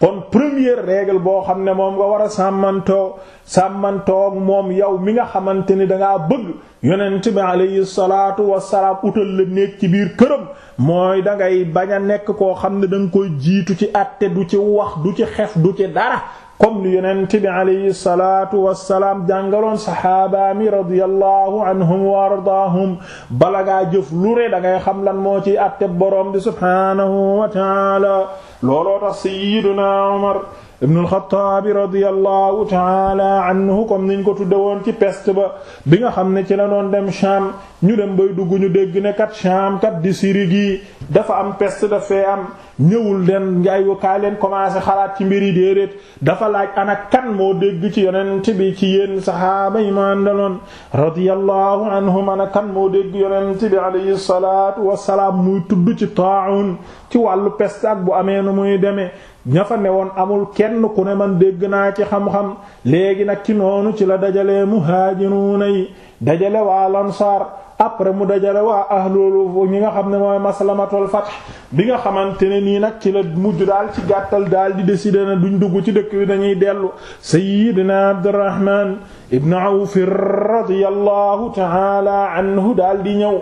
Speaker 1: kon premier règle boo xam ne moom nga war a sàmmantoo sàmmantoog moom yow mi nga xamante ni dangaa bëgg yonent bi alayhi salaatu wasalaam utal la nekk ci biir këram mooy dangay bañ a nekk koo xam ne danga koy jiitu ci àtte du ci wax du ci xef du ci dara comme li yonent bi alayhi salaatu wassalaam jàngaloon saxaabaami radiyallahu anhum wa ardaahum bala ngaa jëf lu dangay xam lan moo ci àtte borom di subhaanahu wa taala looloo tax sayyiduna Umar ibnul Xattaabi radiyallahu taala anhu comme niñ ko tudde woon ci pest ba bi nga xam ne ci la noon dem Sham ñu dem bay dugg ñu dégg ne kat Sham kat di Syrie gi dafa am pest peste dafee am ñëwul leen ngay kaa leen commencé xalaat ci mbir yi déedéet dafa laaj ana kan moo dégg ci yonent bi ci yéen saxaaba yi ma àndaloon radiyallahu anhum ana kan moo dégg yonent bi alayhi salaatu wassalaam muy tudd ci taa'un ci wàllu peste ak bu amee nu muy demee ña fa woon amul kenn ku ne man dégg naa ci xam-xam léegi nag ci noonu ci la dajale muhaajiruuna yi dajale waa lansaar après mu dajale waa ahlul ñi nga xam ne mooy maslamatul fath bi nga xamante ne nii nag ci la mujj daal ci gàttal daal di décider na duñ dugg ci dëkk bi dañuy dellu sayyidina abdurrahman ibn awf radiyallahu ta'ala anhu daal di ñëw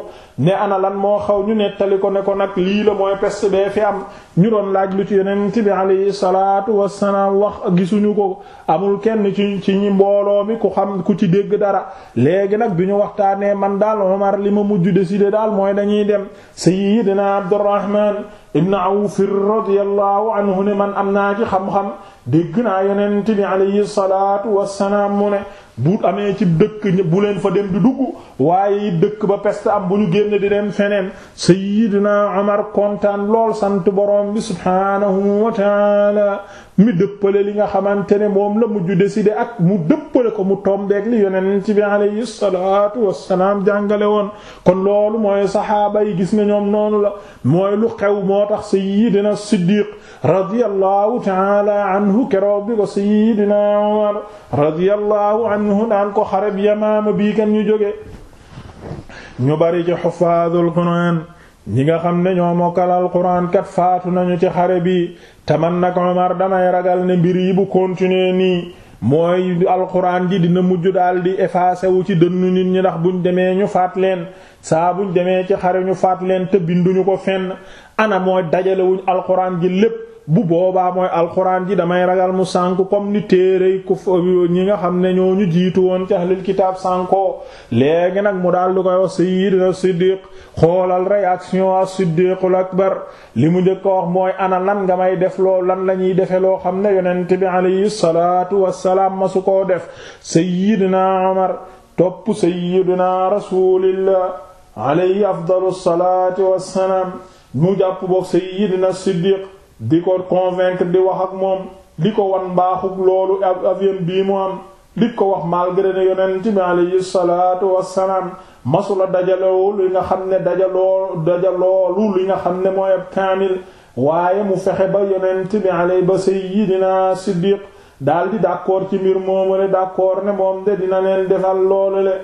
Speaker 1: ne ana lan moo xaw ñu nettali ko ne ko nag lii la mooy peste bee fi am ñu doon laaj lu ci yonent bi alayhi salaatu wassalaam wax gisuñu ko amul kenn ci ci ñi mbooloo mi ku xam ku ci dégg dara léegi nag bi ñu waxtaanee man daal Omar li ma mujj décider daal mooy dañuy dem sayyidina Abdurrahman ibn Awf radiyallahu anhu ne man am naa ci xam-xam dégg naa yonent bi alayhi salaatu wassalaam mu ne bu amee ci dëkk bu leen fa dem di dugg waaye it dëkk ba peste am bu ñu génn di dem feneen sayyidina Umar kontaan lool sant borom bi subhaanahu wa taala mi dëppale li nga xamante ne moom la mu mujj décidé ak mu dëppale ko mu tombeek li yonent bi alayhi salaatu wassalaam jàngale woon kon loolu mooy saxaaba yi gis nga ñoom noonu la mooy lu xew moo tax sayyidina Siddiq radiyallahu taala anhu keroog bi ko sayyidina Umar anhu naan ko xare xareb yamaama bii kan ñu jóge ñu bari ci xufaadul quraan ñi nga xam ne ñoo mokkal al quraan faatu nañu ci xare bi te man nag Umar damay ragal ne mbir yi bu continuer nii mooy alquran ji dina mujj daal di effacé wu ci dënnu nit ñi ndax buñ demee ñu faat leen saa buñ demee ci xare ñu faat leen te binduñu ko fenn ana mooy dajalewuñ alquran ji lépp bu boobaa mooy alxuraan ji damay ragal mu sànk comme ni téere ñi nga xam ne ñoo ñu jiitu woon ci ahlul kitaab sànkoo léegi nag mu daal du koy wax sayyidina Siddiq xoolal réaction as akbar li mu njëkk wax mooy ana lan nga may def loo lan la ñuy defe loo xam ne yonent bi alayhi salaatu wassalaam ma su koo def sayyidina Umar topp sayyidina rasulillah alayhi afdalu salaatu mu jàpp boog sayyidina Siddiq di ko convaincre di wax ak moom di ko wan mbaaxug loolu avion bii mu am di ko wax malgré ne yonent bi alayhi salaatu wassalaam masula dajalewul li nga xam ne dajaloo dajaloolu li nga xam ne mooy ab kaamil waaye mu fexe ba yonent bi alayhi ba sayyidina Siddiq daal di d'accord ci mbir moomu le d'accord ne moom de dina leen defal loolu le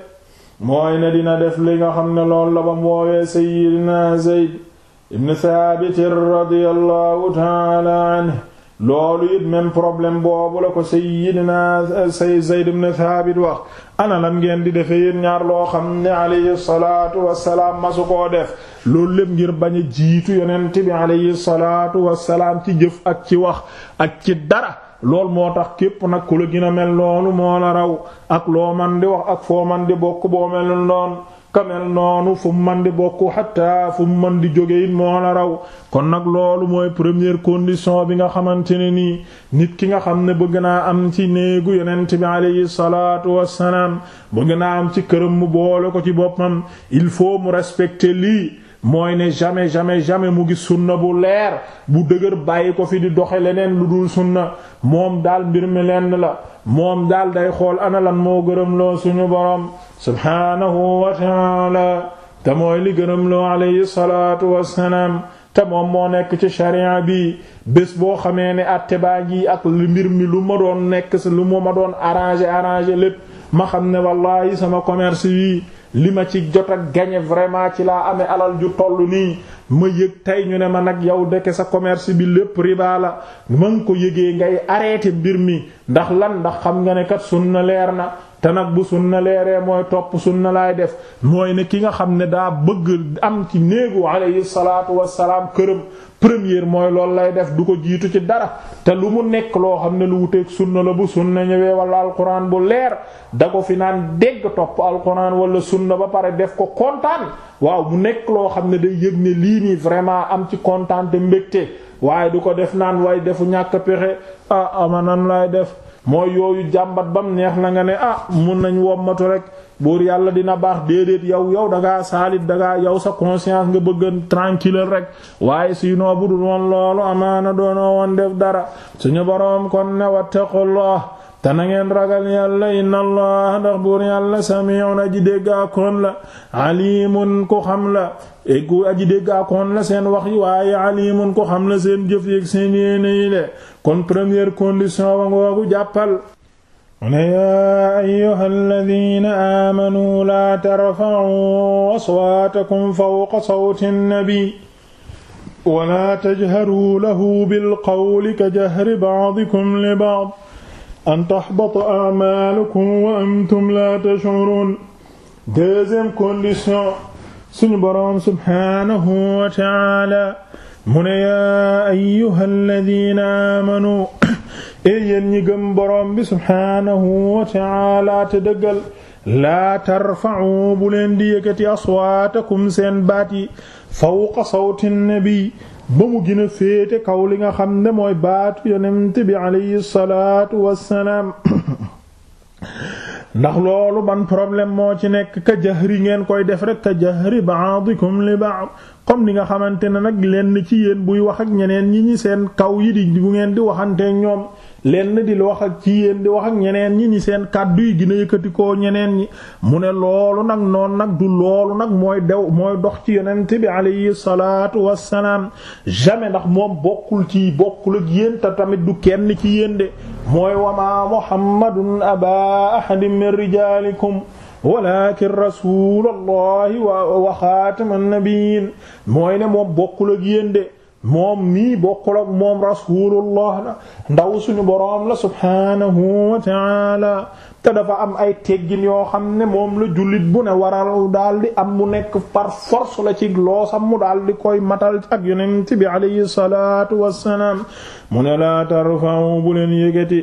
Speaker 1: mooy ne dina def li nga xam ne loolu la ba mu woowee sayyidina Zayd ibn Saabitin radiyallahu taala anhu loolu it même problème boobu la ko sayyidina say Zayd ibn Thaabit wax ana lan ngeen di defe yéen ñaar loo xam ne alayhi salaatu wasalaam masu koo def loolu lépp ngir bañ a jiitu yonent bi alayhi salaatu ci jëf ak ci wax ak ci dara loolu moo tax képp nag kula la gën a mel noonu moo la raw ak loo man di wax ak foo man di bokk boo mel noonu kamel noonu fu mu man di bokk xatta fu mu man di jóge it moo la raw kon nag loolu mooy première condition bi nga xamante ne nii nit ki nga xam ne bëgg naa am ci néegu yonent bi alayhi salaatu wassalaam bëgg naa am ci këram mu boole ko ci boppam il faut mu respecter lii mooy ne jamais jamais jamais mu gis sunna bu leer bu dëgër bàyyi ko fi di doxe leneen lu dul sunna moom daal mbir mi lenn la moom daal day xool ana lan moo gërëm loo suñu boroom subhaanahu wa taala te mooy li gërëm loo alayhi salaatu wassalaam te moom moo nekk ci sharia bi bés boo xamee ne atte baa ngi ak li mbir mi lu ma doon nekk si lu ma doon arrangé arrangé lépp ma xam ne wallaahi sama commerce yi li ma ci jot ak gagné vraiment ci laa amee alal ju toll nii ma yëg tey ñu ne ma nag yow deke sa commerce bi lépp riba la mën ko yëgee ngay arrêté mbir mi ndax lan ndax xam nga ne kat sunna leer na te nag bu sunna leeree mooy topp sunna laay def mooy ne ki nga xam ne daa bëgg am ci néegu alayhi salaatu wassalaam këram première mooy loolu lay def du ko jiitu ci dara te lu mu nekk loo xam ne lu wuteeg sunna la bu sunna ñëwee wala alquran bu leer da ko fi naan dégg topp alquran wala sunna ba pare def ko kontaan waaw mu nekk loo xam ne day yëg ne lii nii vraiment am ci kontaan te mbégte waaye du ko def naan way defu ñàkk pexe ah amanan lay def mooy yooyu jàmbat bam neex la nga ne ah mun nañ wommatu rek buur yàlla dina baax déedéet yow yow da ngaa saalit da ngaa yow sa conscience nga bëggan tranquille rek waaye sinon bu dul woon loolu amaana doonoo woon def dara suñu boroom kon ne wattaqullah te na ngeen ragal yàlla inna allah ndax buur yàlla sami'un aji dégg akoon la alimun ku xam la egu aji dégg akoon la seen wax yi waaye alimun ku xam la seen jëf yéeg seen yéene yi le kon première condition wa ngoogu jàppal mu ne yaa ayyuha alladina aamanu laa tarfa'u aswaatakum fawqa sawti nnabi wa laa tajharuu lahu bilqawli ka jahri ba'dikum li ba'd an tahbata a'malukum wa antum la tash'urun deuxième condition suñu boroom subhaanahu wa ta'ala mu ne yaa ayyuhal ladina amanu ey eh, yéen ñi gëm boroom bi subhaanahu wa ta'ala te dëggal laa tarfa'u bu leen di yëkkati aswaatakum seen baat yi fawqa sawti nabi ba mu gina a féete kaw li nga xam ne mooy baatu yonent bi alayhi salaatu wassalaam ndax loolu ban problème moo ci nekk ka jahri ngeen koy def rek ka jahri ba'dikum li nga xamante ne nag lenn ci yéen buy wax ak ñeneen ñi ñi seen kaw yi di bu ngeen di waxante ñoom lenn di wax ak ci yéen di wax ak ñeneen ñi ñi seen kàddu yi gën a yëkkati ñeneen ñi mu ne loolu nag noon nag du loolu nag mooy dew mooy dox ci yonent bi alayhi salaatu wassalaam jame ndax moom bokkul ci bokkul ak yéen te tamit du kenn ci yéen de mooy wamaa muhammadun aba ahadin min rijaalikum walakin rasuulallahi wa xaataman nabiyyiin mooy ne moom bokkul ak yéen de moom mii bokkul ak moom rasulullah la ndaw suñu boroom la subhanahu wa taala te dafa am ay teggin yoo xam ne moom la jullit bu ne waral daal di am mu nekk par force la ci loosam mu daal di koy matal ak yonent bi alayhi salaatu wassalaam mu ne laa tarfa'u bu leen yëgati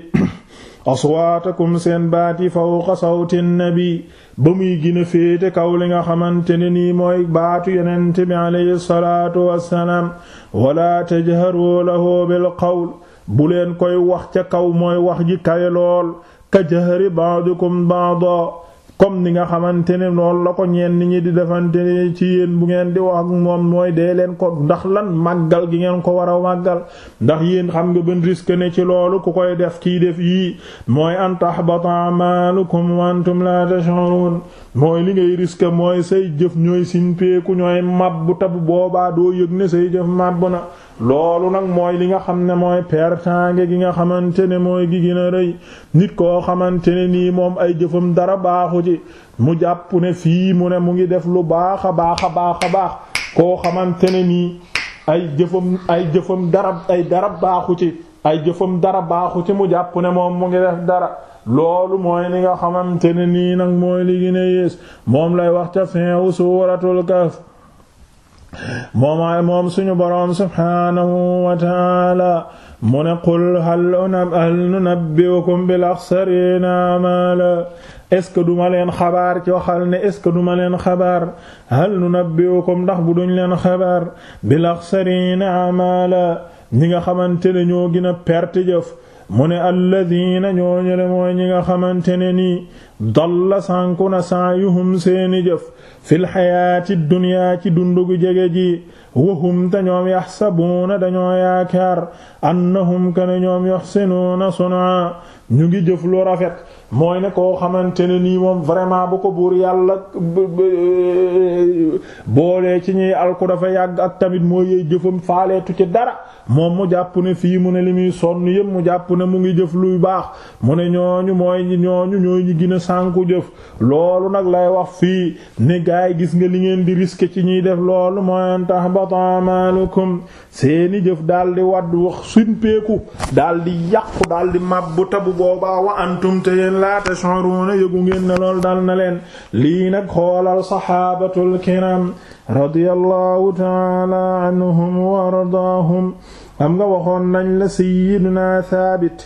Speaker 1: aswaatakum seen baati fawqa sawti nabi ba muy gën a féete kaw li nga xamante ne nii mooy baatu yonent bi alayhi salaatu wassalaam wala tajharu lahu bil qawl bu leen koy wax ca kaw mooy wax ji kawe lool ka jahri ba'dikum ba'da comme ni nga xamante ne loolu la ko ñeen ñi di defante ci yéen bu ngeen di wax ak moom mooy dee leen ko ndax lan màggal gi ngeen ko war a màggal ndax yéen xam nga ban risque ne ci loolu ku koy def kiy def yii mooy an tahbata a'malukum wa antum la tash'urun mooy li ngay risque mooy say jëf ñooy simpeeku ñooy mabbu tabu boobaa doo yëg ne say jëf mabbu na loolu nag mooy li nga xam ne mooy pertange gi nga xamante ne mooy gi gën a rëy nit koo xamante ne nii moom ay jëfam dara baaxu ci mu jàpp ne fii mu ne mu ngi def lu baax a baax a baax a baax koo xamante ne nii ay jëfam ay jëfam dara ay dara baaxu ci ay jëfam dara baaxu ci mu jàpp ne moom mu ngi def dara loolu mooy li nga xamante ne nii nag mooy li gën a yées moom lay wax ca fin wu suuratul Kahf moomaa moom suñu boroom subhaanahu wa taala mu ne qul hal nunabbi'ukum bil axsariina a'maala est-ce que duma leen xabaar ci waxal ne est-ce que duma leen xabaar hal nunabbi'ukum ndax bu duñ leen xabaar bil axsariina a'maala ñi nga xamante ne ñoo gën a perte jëf mu ne alladina ñoo ñele mooy ñi nga xamante ne nii dalla sànku na saayuhum seeni jëf fil ci duniyaa ci dundu gu jege ji wahum te ñoom yaxsabuuna dañoo yaakaar annahum kana ñoom yoxsinuuna sunaa ñu ngi jëf lu rafet mooy ne koo xamante ne nii moom vraiment bu ko buur yàlla eh, boolee ci ñuy alku dafa yàgg ak tamit mooy yey jëfam faaleetu ci dara moom mu jàpp ne fii mu ne li muy sonn yëpp mu jàpp ne mu ngi jëf luy baax mu ne ñooñu mooy ñooñu ñooy ñi gën a sànku jëf loolu nag lay wax fii ne gaay gis nga li ngeen di risque ci ñuy def loolu mooy tax batamalukum seeni jëf daal di wadd wax sunpeeku dal di yàqu daal di mabbu tabu boobaa wa antum te yeen laa tash'uruuna yëgu ngeen ne lool dal na leen lii nag xoolal saxaabatul kiram radiyallahu taala anhum wa ardaahum am nga waxoon nañ la sayyidina Thaabit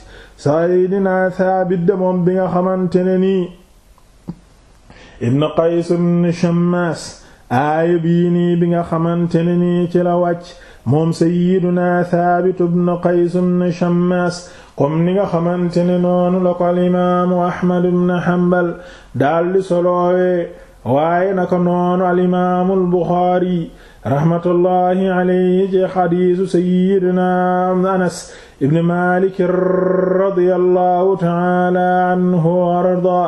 Speaker 1: sayyidina Thaabit de moom bi nga xamante ne nii ibn Qays ibn Shammaas aaya bii nii bi nga xamante ne nii ci la wàcc moom sayyidina Thaabit ibn Qays ibn Shammaas comme ni nga xamante ne noonu la ko al imaamu ahmad ibn hanbal daldi soloowee waaye naka noonu al imaamu al buxaari rahmatullahi alayhi ci xadiisu sayyidina anas ibn maalik radiyallahu ta'ala anhu wa arda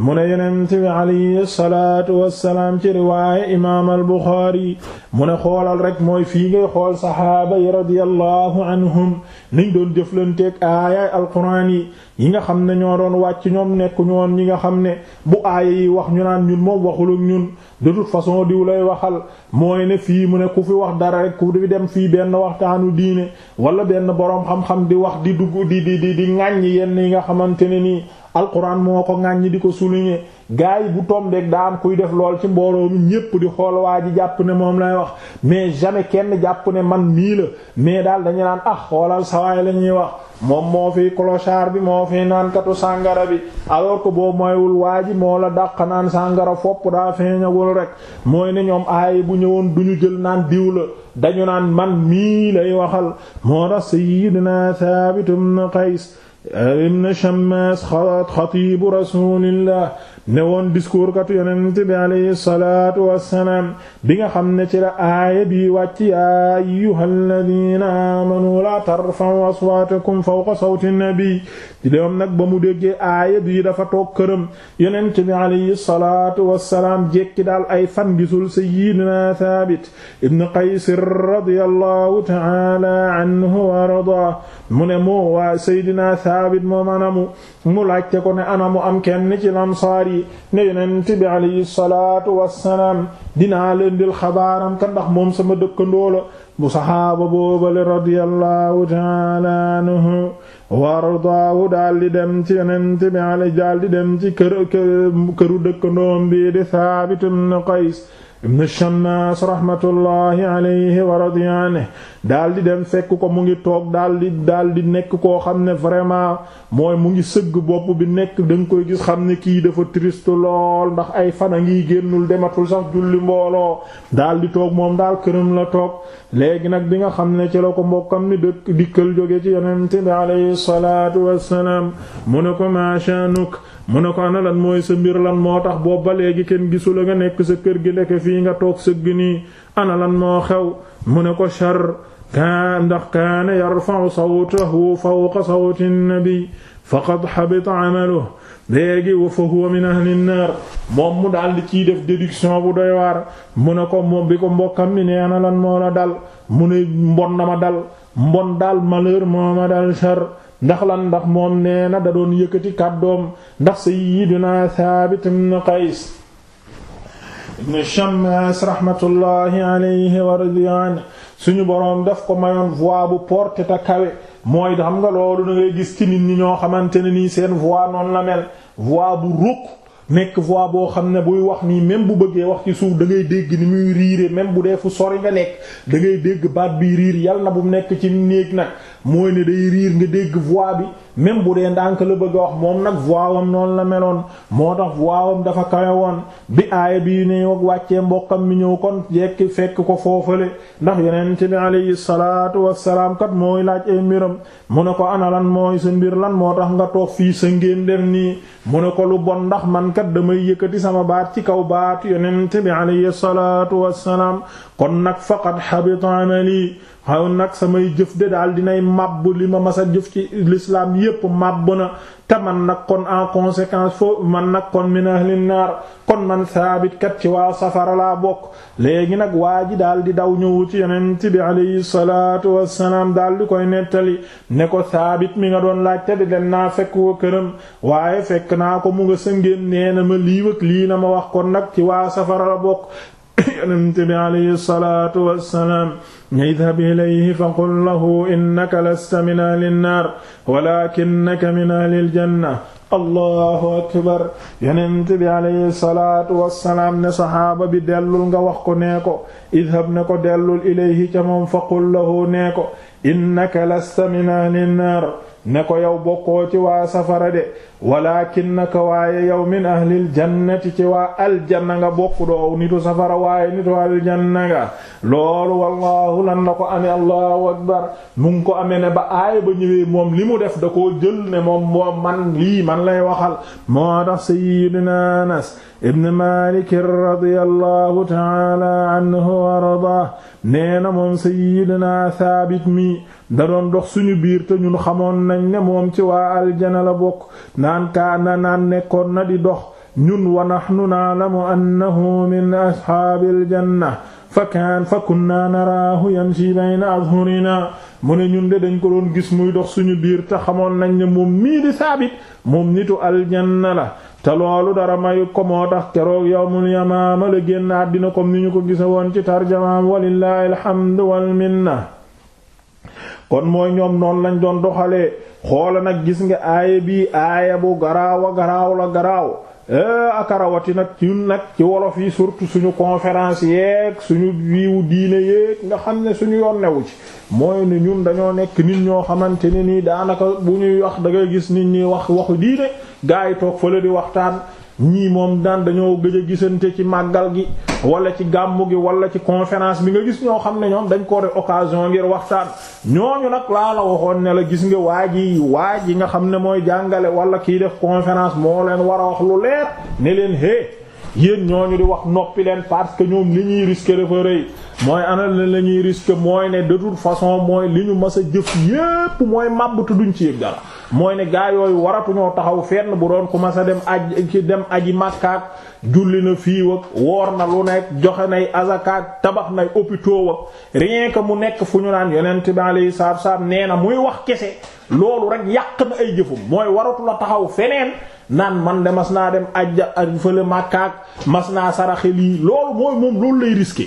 Speaker 1: mu ne yonent bi alayhi salaatu wassalaam ci riwaaya imaam al Buxaari mu ne xoolal rek mooy fii ngay xool saxaaba yi radiyallahu anhum niñ doon jëflanteeg aayaay alxuraan yi yi nga xam ne ñoo doon wàcc ñoom nekku ñoon ñi nga xam ne bu aaya yi wax ñu naan ñun moom waxul ak ñun de façon diw lay waxal mooy ne fii mu ne ku fi wax dara rek ku fi dem fii benn waxtaanu diine wala benn boroom xam-xam di wax di dugg di di di di ŋàññ yenn yi nga xamante ne nii alquran moo ko ŋàññi di ko souligner gars yi bu tombeeg daa am kuy def lool ci mbooloo mi ñépp di xool waa ji jàpp ne moom lay wax mais jamais kenn jàpp ne man mii la mais daal dañu naan ah xoolal sawaay la ñuy wax moom moo fi clochard bi moo fi naankatu sàngara bi alors que boo moywul waa ji moo la dàq naan sàngara fopp daa feeñagul rek mooy ne ñoom aay bu ñëwoon duñu jël naan diw la dañu naan man mii lay waxal moo tax sayyidina Thabit ibn Qais ibn Shammas xatibu rasulillah ne woon discours katu yonent bi alayhi salaatu wassalaam bi nga xam ne ci la aaya bi wàcc yaa ayyuhal ladiina aamanu laa tarfa'u aswaatakum fawqa sawti nabi di dem nag ba mu déggee aaya bii dafa toog këram yonent bi alayhi salaatu wassalaam jekki daal ay fan gisul sayyidina Thabit ibn Qays radiyallahu ta'ala anhu wa arda mu ne moo waa sayyidina Thabit moom anamu mu laajte ko ne anamu am kenn ci lansaar yi ne yonent bi alayhi salaatu wassalaam dinaa leen dil xabaaram ka ndax moom sama dëkkandoo la bu saxaaba boobale radiyallahu ta'ala anhu wardaawu daal di dem ci yonent bi ale daal di dem ci kër këru dëkkandoom bii di Saabit ibn Qays ibn Shammas rahmatullahi alayhi wa radiya anhu daal di dem fekk ko mu ngi toog daal di daal di nekk koo xam ne vraiment mooy mu ngi sëgg bopp bi nekk da koy gis xam ne kii dafa triste lool ndax ay fan a ngi génnul dematul sax julli mbooloo daal di toog moom daal këram la toog léegi nag bi nga xam ne ci la ko mbokkam ni dëkk dikkal jóge ci yonente bi alayhi salaatu wassalaam mu ne ko ma sha'nuk mu ne ko ana lan mooy sa mbir lan moo tax boobu ba kenn gisula nga nekk sa kër gi ndeke fii nga toog sëgg nii ana lan moo xew mu ne ko char kaan ndax kaana yarfa'u sawtahu fawqa sawti nabi faqad habita amaluhu léegi wa fa huwa min ahli naar moom mu daldi ciy def déduction bu doy waar mu ne ko moom bi ko mbokkam ni nee na lan moo la dal mu ne mbon na ma dal mbon daal malheur moo ma dal char ndax lan ndax moom nee na da doon yëkkati kàddoom ndax sayyiduna Thabit ibn Qays ibn Shammas rahmatullahi alayhi wa radiya anhu suñu boroom def ko mayoon voix bu porte ta kawe mooy xam nga loolu da gis ci nit ñi ñoo xamante ne nii seen voix noonu la mel voix bu rukk nekk voix boo xam ne buy wax nii même bu bëggee wax ci suuf da ngay dégg ni muy riire même bu dee fu sori nga nekk da ngay dégg baat bi riir yal na bu nekk ci néeg nag mooy ne day riir nga dégg voix bi même bu dee ndànk la bëgg a wax nag voix noonu la meloon moo tax voix dafa kawe woon bi aaya bi ne wag wàccee mbokkam mi ñëw kon jekki fekk ko foofale ndax yonent bi alayhi salaatu wassalaam kat mooy laaj mbiram mu ne ko ana lan mooy sa mbir lan moo tax nga toog fii sa ngéen def nii mu ne ko lu bon ndax man kat damay yëkkati sama baat ci kaw baat yonent bi alayhi salaatu wassalaam kon nag faqad habita amali xaw nag samay jëf de daal dinay màbb li ma masa jëf ci l'islam yépp màbb na ta man nag kon en conséquence foofu man nag kon min ahlin naar kon man saabit kat ci waa safara laa bokk léegi nag waa ji daal di daw ñëw ci yonent bi alayhi salaatu wassalaam daal di koy nettali ne ko saabit mi nga doon laajte di dem naa fekk ko këram waaye fekk naa ko mu nga sëngéen nee na ma lii wëg lii na ma wax kon nag ci waa safara la bokk yonent bi alayhi salaatu idhab ilayhi faqul lahu innaka lasta min ahli nnaar walakinnaka min ahli ljanna allahu akbar yonent bi alayhi salaatu wassalaam ne saxaaba bi dellul nga wax ko nee ko idhab ne ko dellul ilayhi ca moom faqul lahu nee ko innaka lasta min ahli nnaar ne ko yow bokkoo ci waa safara de walakinnaka waaye yow min ahlil jannati ci waa aljanna nga bokk doo nitu safara waaye nitu aljanna nga loolu wallahu lan na ko ame allahu akbar mu ko amee ne ba aaya ba ñëwee moom li mu def da koo jël ne moom moom man lii man lay waxal moo tax sayyidina anas ibn malik radiyallahu taala anhu wa arda nee na moom sayyidina thabit mi da doon dox suñu biir te ñun xamoon nañ ne moom ci waa aljana la bokk naan na naan nekkoon na di dox ñun wa nahnu na'lamu annahu min ashaabil janna fa kaan fa kunna naraahu yamshi bayna azhurina mu ne ñun de dañ ko doon gis muy dox suñu biir te xamoon nañ ne moom mii di saabit moom nitu aljanna la te loolu dara mayu ko moo tax keroog yawmul yamaama la génn àddina comme ni ñu ko gisa woon ci tarjamaam walillahi alhamdu wal minna kon mooy ñoom noonu lañ doon doxalee xoola nag gis nga aaya bii aaya bu garaawa garaaw la garaaw eh, akarawati nag ñun nag ci wolof yi surtout suñu conférence yeeg suñu wiiwu diine yeeg nga xam ne suñu yoon newu ci mooy ne ñun dañoo nekk nit ñoo xamante ne nii daanaka bu ñuy wax da ngay gis nit ñi wax waxu diine gaa yi toog fële di waxtaan ñii moom daan dañoo gëj a gisante ci màggal gi wala ci gàmmu gi wala ci conférence bi nga gis ñoo xam ne ñoom dañ ko def occasion ngir waxtaan ñooñu nag laa la waxoon ne la gis nga waa ji waa ji nga xam ne mooy jàngale wala kiy def conférence moo leen war a wax lu leer ne leen hé yéen ñooñu di wax noppi leen parce que ñoom li ñuy risquer dafa rëy mooy anal la ñuy risque mooy ne de toute façon mooy li ñu mas a jëf yépp mooy màbbtu duñ ci yëg dara mooy ne gaa yooyu waratuñoo taxaw fenn bu doon ku mas a dem aj ci dem aji màkkaak julli na fiiw ak woor na lu nekk joxe nay azakaak tabax nay hôpitaux ak que mu nekk fu ñu naan yonent bi alayhi salaatu salaam nee na muy wax kese loolu rek yàq na mooy waratu taxaw feneen naan man de mas dem ajja ak fële màkkaak mas naa saraxe lii loolu mooy moom loolu lay risqué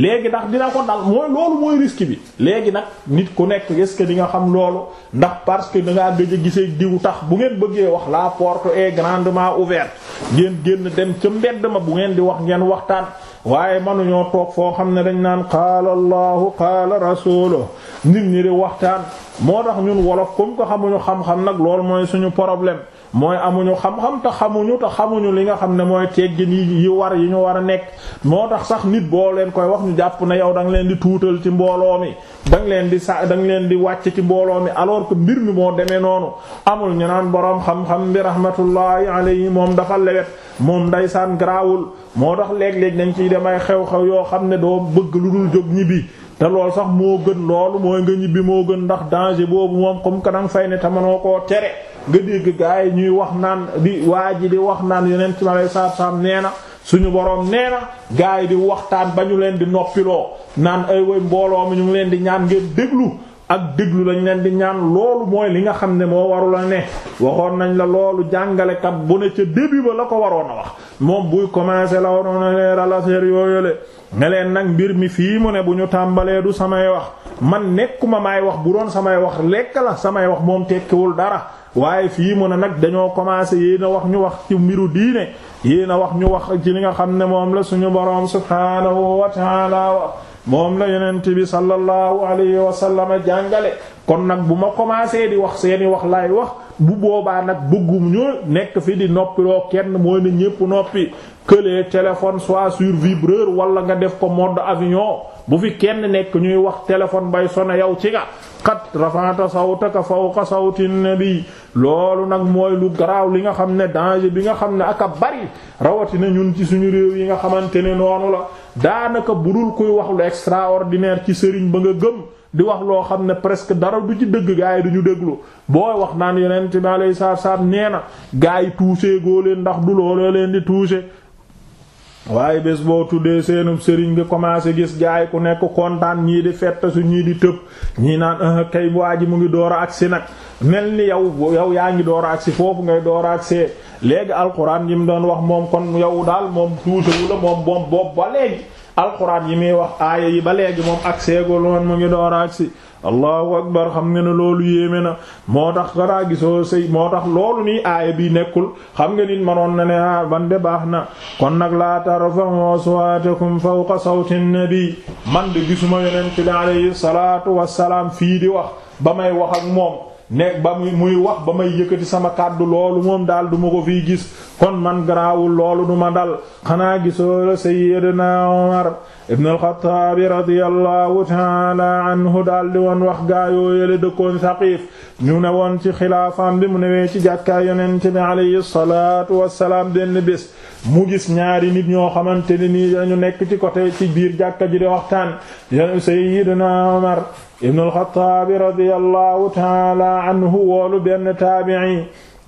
Speaker 1: léegi ndax dina ko dal mooy loolu mooy risque bi léegi nag nit ku nekk est-ce di nga xam loolu ndax parce que da ngaa gëj a gisee diw tax bu ngeen bëggee wax la porte est grandement ouverte ngeen génn dem ca mbedd ma bu ngeen di wax ngeen waxtaan waaye mënuñoo toog foo xam ne dañ naan qaala allahu qaala rasuluhu nit ñi di waxtaan moo tax ñun wolof comme ko xamuñu xam-xam nag loolu mooy suñu problème mooy amuñu xam-xam te xamuñu te xamuñu li nga xam ne mooy teggin yi war yi ñu war a nekk moo tax sax nit boo leen koy wax ñu jàpp na yow da nga leen di tuutal ci mbooloo mi danga leen di saa da leen di wàcc ci mbooloo mi alors que mbir mi moo demee noonu amul ñu naan boroom xam-xam bi rahmatullahi alayhi moom dafa lewet moom ndeysaan garaawul moo tax léeg-léeg dañ ciy dem ay xew-xew yoo xam ne doo bëgg lu dul jóg ñibbi te lool sax moo gën loolu mooy nga ñibbi moo gën ndax danger boobu moom comme que danga fay mënoo koo tere nga dégg gaa yi ñuy wax naan di waa ji di wax naan yeneen ci ma lay saabsaab nee na suñu waroon nee na gaa yi di waxtaan ba ñu leen di noppiloo naan ay way mbooloo mu ñu leen di ñaan ngeen déglu. ak déglu lañ leen di ñaan loolu mooy li nga xam ne moo waru ne waxoon nañ la loolu jàngale jàngalekat bu ne ca début ba la ko waroon a wax moom buy commencer la waroon a leeral affaire yooyole ne leen nag mbir mi fii mu ne bu ñu tàmbalee du samay wax man nekkuma may wax bu doon samay wax lekk la samay wax moom tekkiwul dara waaye fii mu ne nag dañoo commencé yéen a wax ñu wax ci mbiru diine yéen a wax ñu wax ci li nga xam ne moom la suñu boroom subhaanahu wa taala wa moom la yonent bi sallallahu alayhi wa sallam jàngale kon nag bu ma commencé di wax seeni wax laay wax bu boobaa nag bëggum ñu nekk fi di noppiloo kenn mooy ne ñépp noppi que les téléphones soient sur vibreur wala nga def ko mode avion bu fi kenn nekk ñuy wax téléphone bay sone yow ci nga qad rafa'ta ko fawqa sawti bii loolu nag mooy lu garaaw li nga xam ne danger bi nga xam ne aka bari rawatina ñun ci suñu réew yi nga xamante ne noonu la daanaka bu budul kuy wax lu extraordinaire ci sëriñ ba nga gëm di wax loo xam ne presque dara du ci dëgg gaa yi duñu déglu booy wax naan yonent bi alayhi salaatu salaam nee na gaa yi tuusee goo leen ndax du looloo leen di tuuse waaye bés boo tuddee seenub sëriñ nga commencé gis gaay ku nekk kontaan ñii di fett su ñii di tëb ñii naan ah, kay bu waa ji mu ngi door a agsi nag mel ni yow yow yaa ngi door a agsi foofu ngay door a agsee léegi alxuraan yi mu doon wax moom kon yow daal moom la moom boom boobu ba léegi alxuraan yi muy wax aaya yi ba léegi moom ak seegul woon mu ngi door xam nga ne loolu yéeme na moo tax xanaa gisoo sey moo tax loolu nii aaya bi nekkul xam nga nit manoon na ne ah ban de baax na kon nag laa tarfa'u aswaatakum fawqa sawti nabi man de gisuma yonent bi alayhi salaatu wassalaam fii di wax ba may wax ak moom ne ba muy muy wax ba may yëkkati sama kàddu loolu moom daal du ma ko fiy gis kon man garaawul loolu du ma dal xanaa gisoo la sayyidina Umar ibn al-Khattab radiyallahu anhu daal di woon wax gaayoo yële dëkkoon Saqif ñu ne woon ci xilaafam bi mu newee ci jàkkaay yonent bi alayhi salaatu wassalaam denn bés mu gis ñaari nit ñoo xamante ne nii dañu nekk ci côté ci biir jàkka ji di waxtaan ya Umar ibnu alxataabi radiyallahu taala anhu woolu benn taabi'i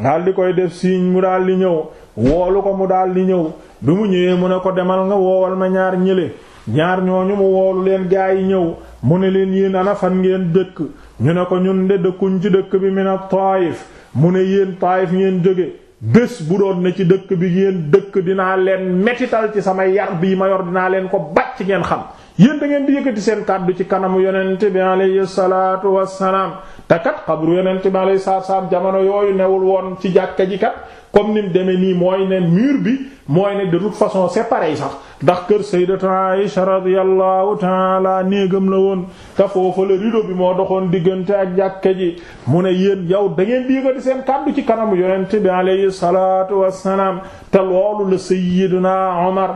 Speaker 1: daal di koy def siiñ mu daal di ñëw woolu ko mu daal di ñëw bi mu ñëwee mu ne ko demal nga woowal ma ñaar ñële ñaar ñooñu mu woolu leen gaa yi ñëw mu ne leen yéen ana ngeen dëkk ñu ne ko ñun de dëkkuñ ci dëkk bi mina taayif mu ne yéen taayif ngeen jóge bés bu doon ne ci dëkk bi yéen dëkk dinaa leen metital ci sama yar bii ma yor dinaa leen ko bàcc ngeen xam yéen da ngeen di yëkkati seen kàddu ci kanamu yonent bi alayhi salaatu wassalaam te kat xabru yonent bi alayhi salaatu wassalaam jamono yooyu newul woon ci jàkka ji kat comme ni mu demee nii mooy ne mur bi mooy ne de toute façon c'est pareil sax ndax kër sayyidatu Aïsha radiyallahu taala néegam la woon te foofu la bi moo doxoon diggante ak jàkka ji mu ne yéen yow da ngeen di yëkkati seen kàddu ci kanamu yonent bi alayhi salaatu wassalaam te loolu la sayyidina Omar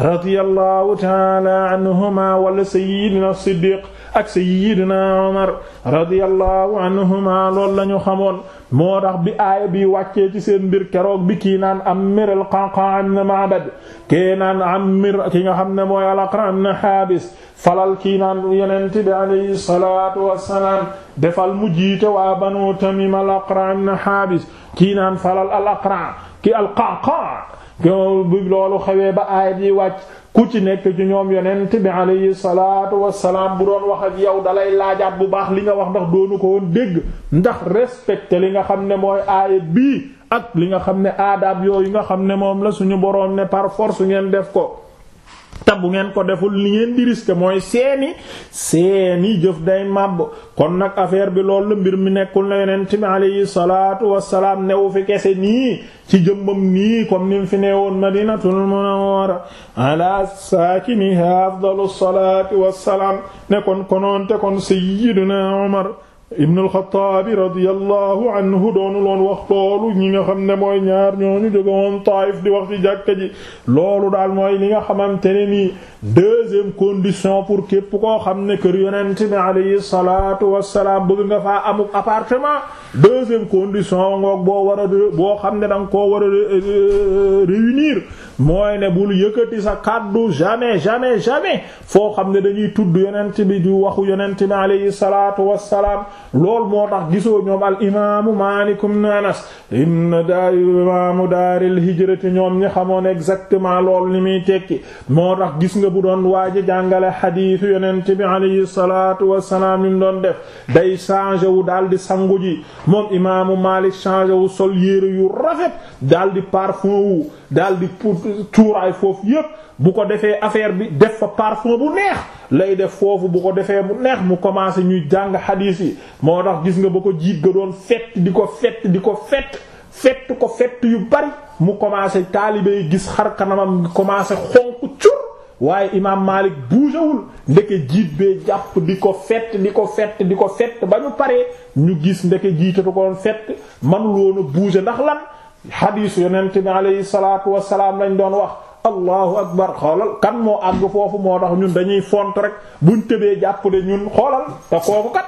Speaker 1: radiyallahu taala anhuma wala sayyidina siddiq ak sayyidina omar radiyallahu anhuma loolu la ñu xamoon moo tax bi aaya bi wàccee ci seen mbir keroog bi kii naan Ammir al-Qaqaa ibn Ma'bad kii naan Ammir ki nga xam ne mooy al-Aqra' ibn Haabis falal kii naan bi alayhi salaatu wassalaam defal mu jiite waa Banu Tamim al-Aqra' ibn Haabis kii naan falal al-Aqra' ki al-Qaqaa bi loolu xewee ba aaya bi wàcc ku ci nekk ci ñoom yonent bi alayhi salaatu wassalaam bu doon wax ak yow dalay laajaat bu baax li nga wax ndax doonu ko woon dégg ndax respecté li nga xam ne mooy aaya bii ak li nga xam ne aadaab yooyu nga xam ne moom la suñu boroom ne par su ngeen def ko te ngeen ko deful li ngeen di risque mooy seeni seeni jëf day kon nag affaire bi loolu mbir mi nekkul na yonent bi alayhi wassalaam newu fi kese nii ci jëmbam nii comme ni fi neewoon madinatul munawwara ala saakiniha afdalu salaatu wassalaam ne kon konoonte kon sayyiduna Umar ibnu alxataabi radiallahu anhu doonu loon wax loolu ñi nga xam ne mooy ñaar ñooñu jóge woon Taayif di wax ci jàkka ji loolu daal mooy li nga xamante ne nii deuxième condition pour képp ko xam ne kër yonent bi alayhi salaatu wassalaam bëgg nga faa amuk appartement deuxième condition ngoog boo war a boo xam ne danga koo war a réunir mooy ne bul yëkkati sa kàddu jamais jamais a foo xam ne dañuy tudd yonent bi di waxu yonent bi alayhi salaatu wassalaam loolu moo tax gisoo ñoom al imaamu Maalik ibn Anas ibn daa imaamu daaril hijrati ñoom ñi xamoon exactement lool li muy tekki moo tax gis nga bu doon waaja jàngale xadiisu yonent bi alayhi salaatu wassalaam li mu doon def day changé wu daal di sangu ji moom imaamu Maalik changé wu sol yére yu rafet daal di parfum wu daal di tuuraay foofu yépp bu ko defee affaire bi def fa parfum bu neex lay def foofu bu ko defee bu neex mu commencé ñuy jàng xadiis yi moo tax gis nga ba ko jiit ga doon fett di ko fett di ko fett fett ko fett yu bari mu commencé taalibe yi gis xar kanamam commencé xonq cur waaye imaam Maalik buujawul ndeke jiit bee jàpp di ko fett di ko fett di ko fett ba ñu paree ñu gis ndeke jiitatu ko doon fett manuloon a buuja ndax lan xadiis yonent bi alayhi salaatu wassalaam lañ doon wax allahu akbar xoolal kan moo àgg foofu moo tax ñun dañuy font rek buñ tëbee jàpp de ñun xoolal te kooku kat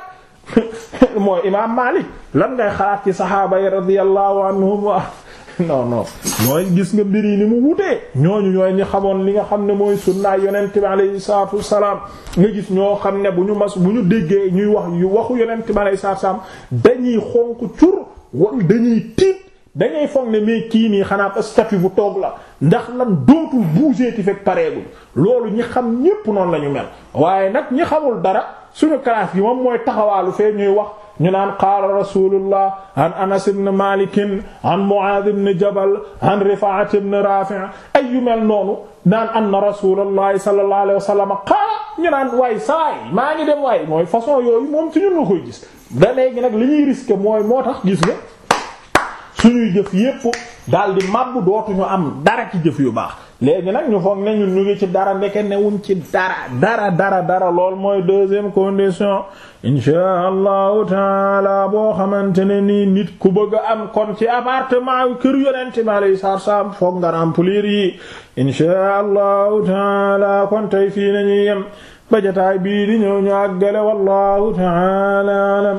Speaker 1: mooy imaam Maalik lan ngay xalaat ci saxaaba yi radiyallahu anhum wa non non mooy gis nga mbir yi ni mu wutee ñooñu ñooy ñi xamoon li nga xam ne mooy sunnaay yonent bi alayhi salaatu nga gis ñoo xam ne bu ñu mas bu ñu déggee ñuy wax yu waxu yonent bi alayhi salaatu wassalaam dañuy xonq cur wala dañuy tiit dangay foog ne mais kii nii xanaa statut bu toog la ndax lan dootul bouger ti fekk pareegul loolu ñi xam ñépp noonu la ñu mel waaye nag ñi xamul dara suñu classe yi moom mooy taxawaalu fee ñuy wax ñu naan qaala rasulullah an anas ibn malik an muaad ibn jabal an rifaat ibn rafi' ay yu mel noonu naan anna rasulullah sallallahu alayhi wa sallam qaala ñu naan waaye saay maa ngi dem waay mooy façon yooyu moom ci ñun la koy gis da léegi nag li ñuy risqué mooy moo tax nga suñuy jëf yépp daal di màbb dootuñu am dara ci jëf yu baax léegi nag ñu foog ne ñu ngi ci dara ndeke newuñ ci dara dara dara dara lool mooy deuxième condition insha allahu taala boo xamante ne nii nit ku bëgg am kon ci appartement yu kër yonente mi alayi saatu salaam foog nga remplir yi insha allahu taala kon tey fii nañuy yem ba jotaay bii di ñëw wallahu taala alam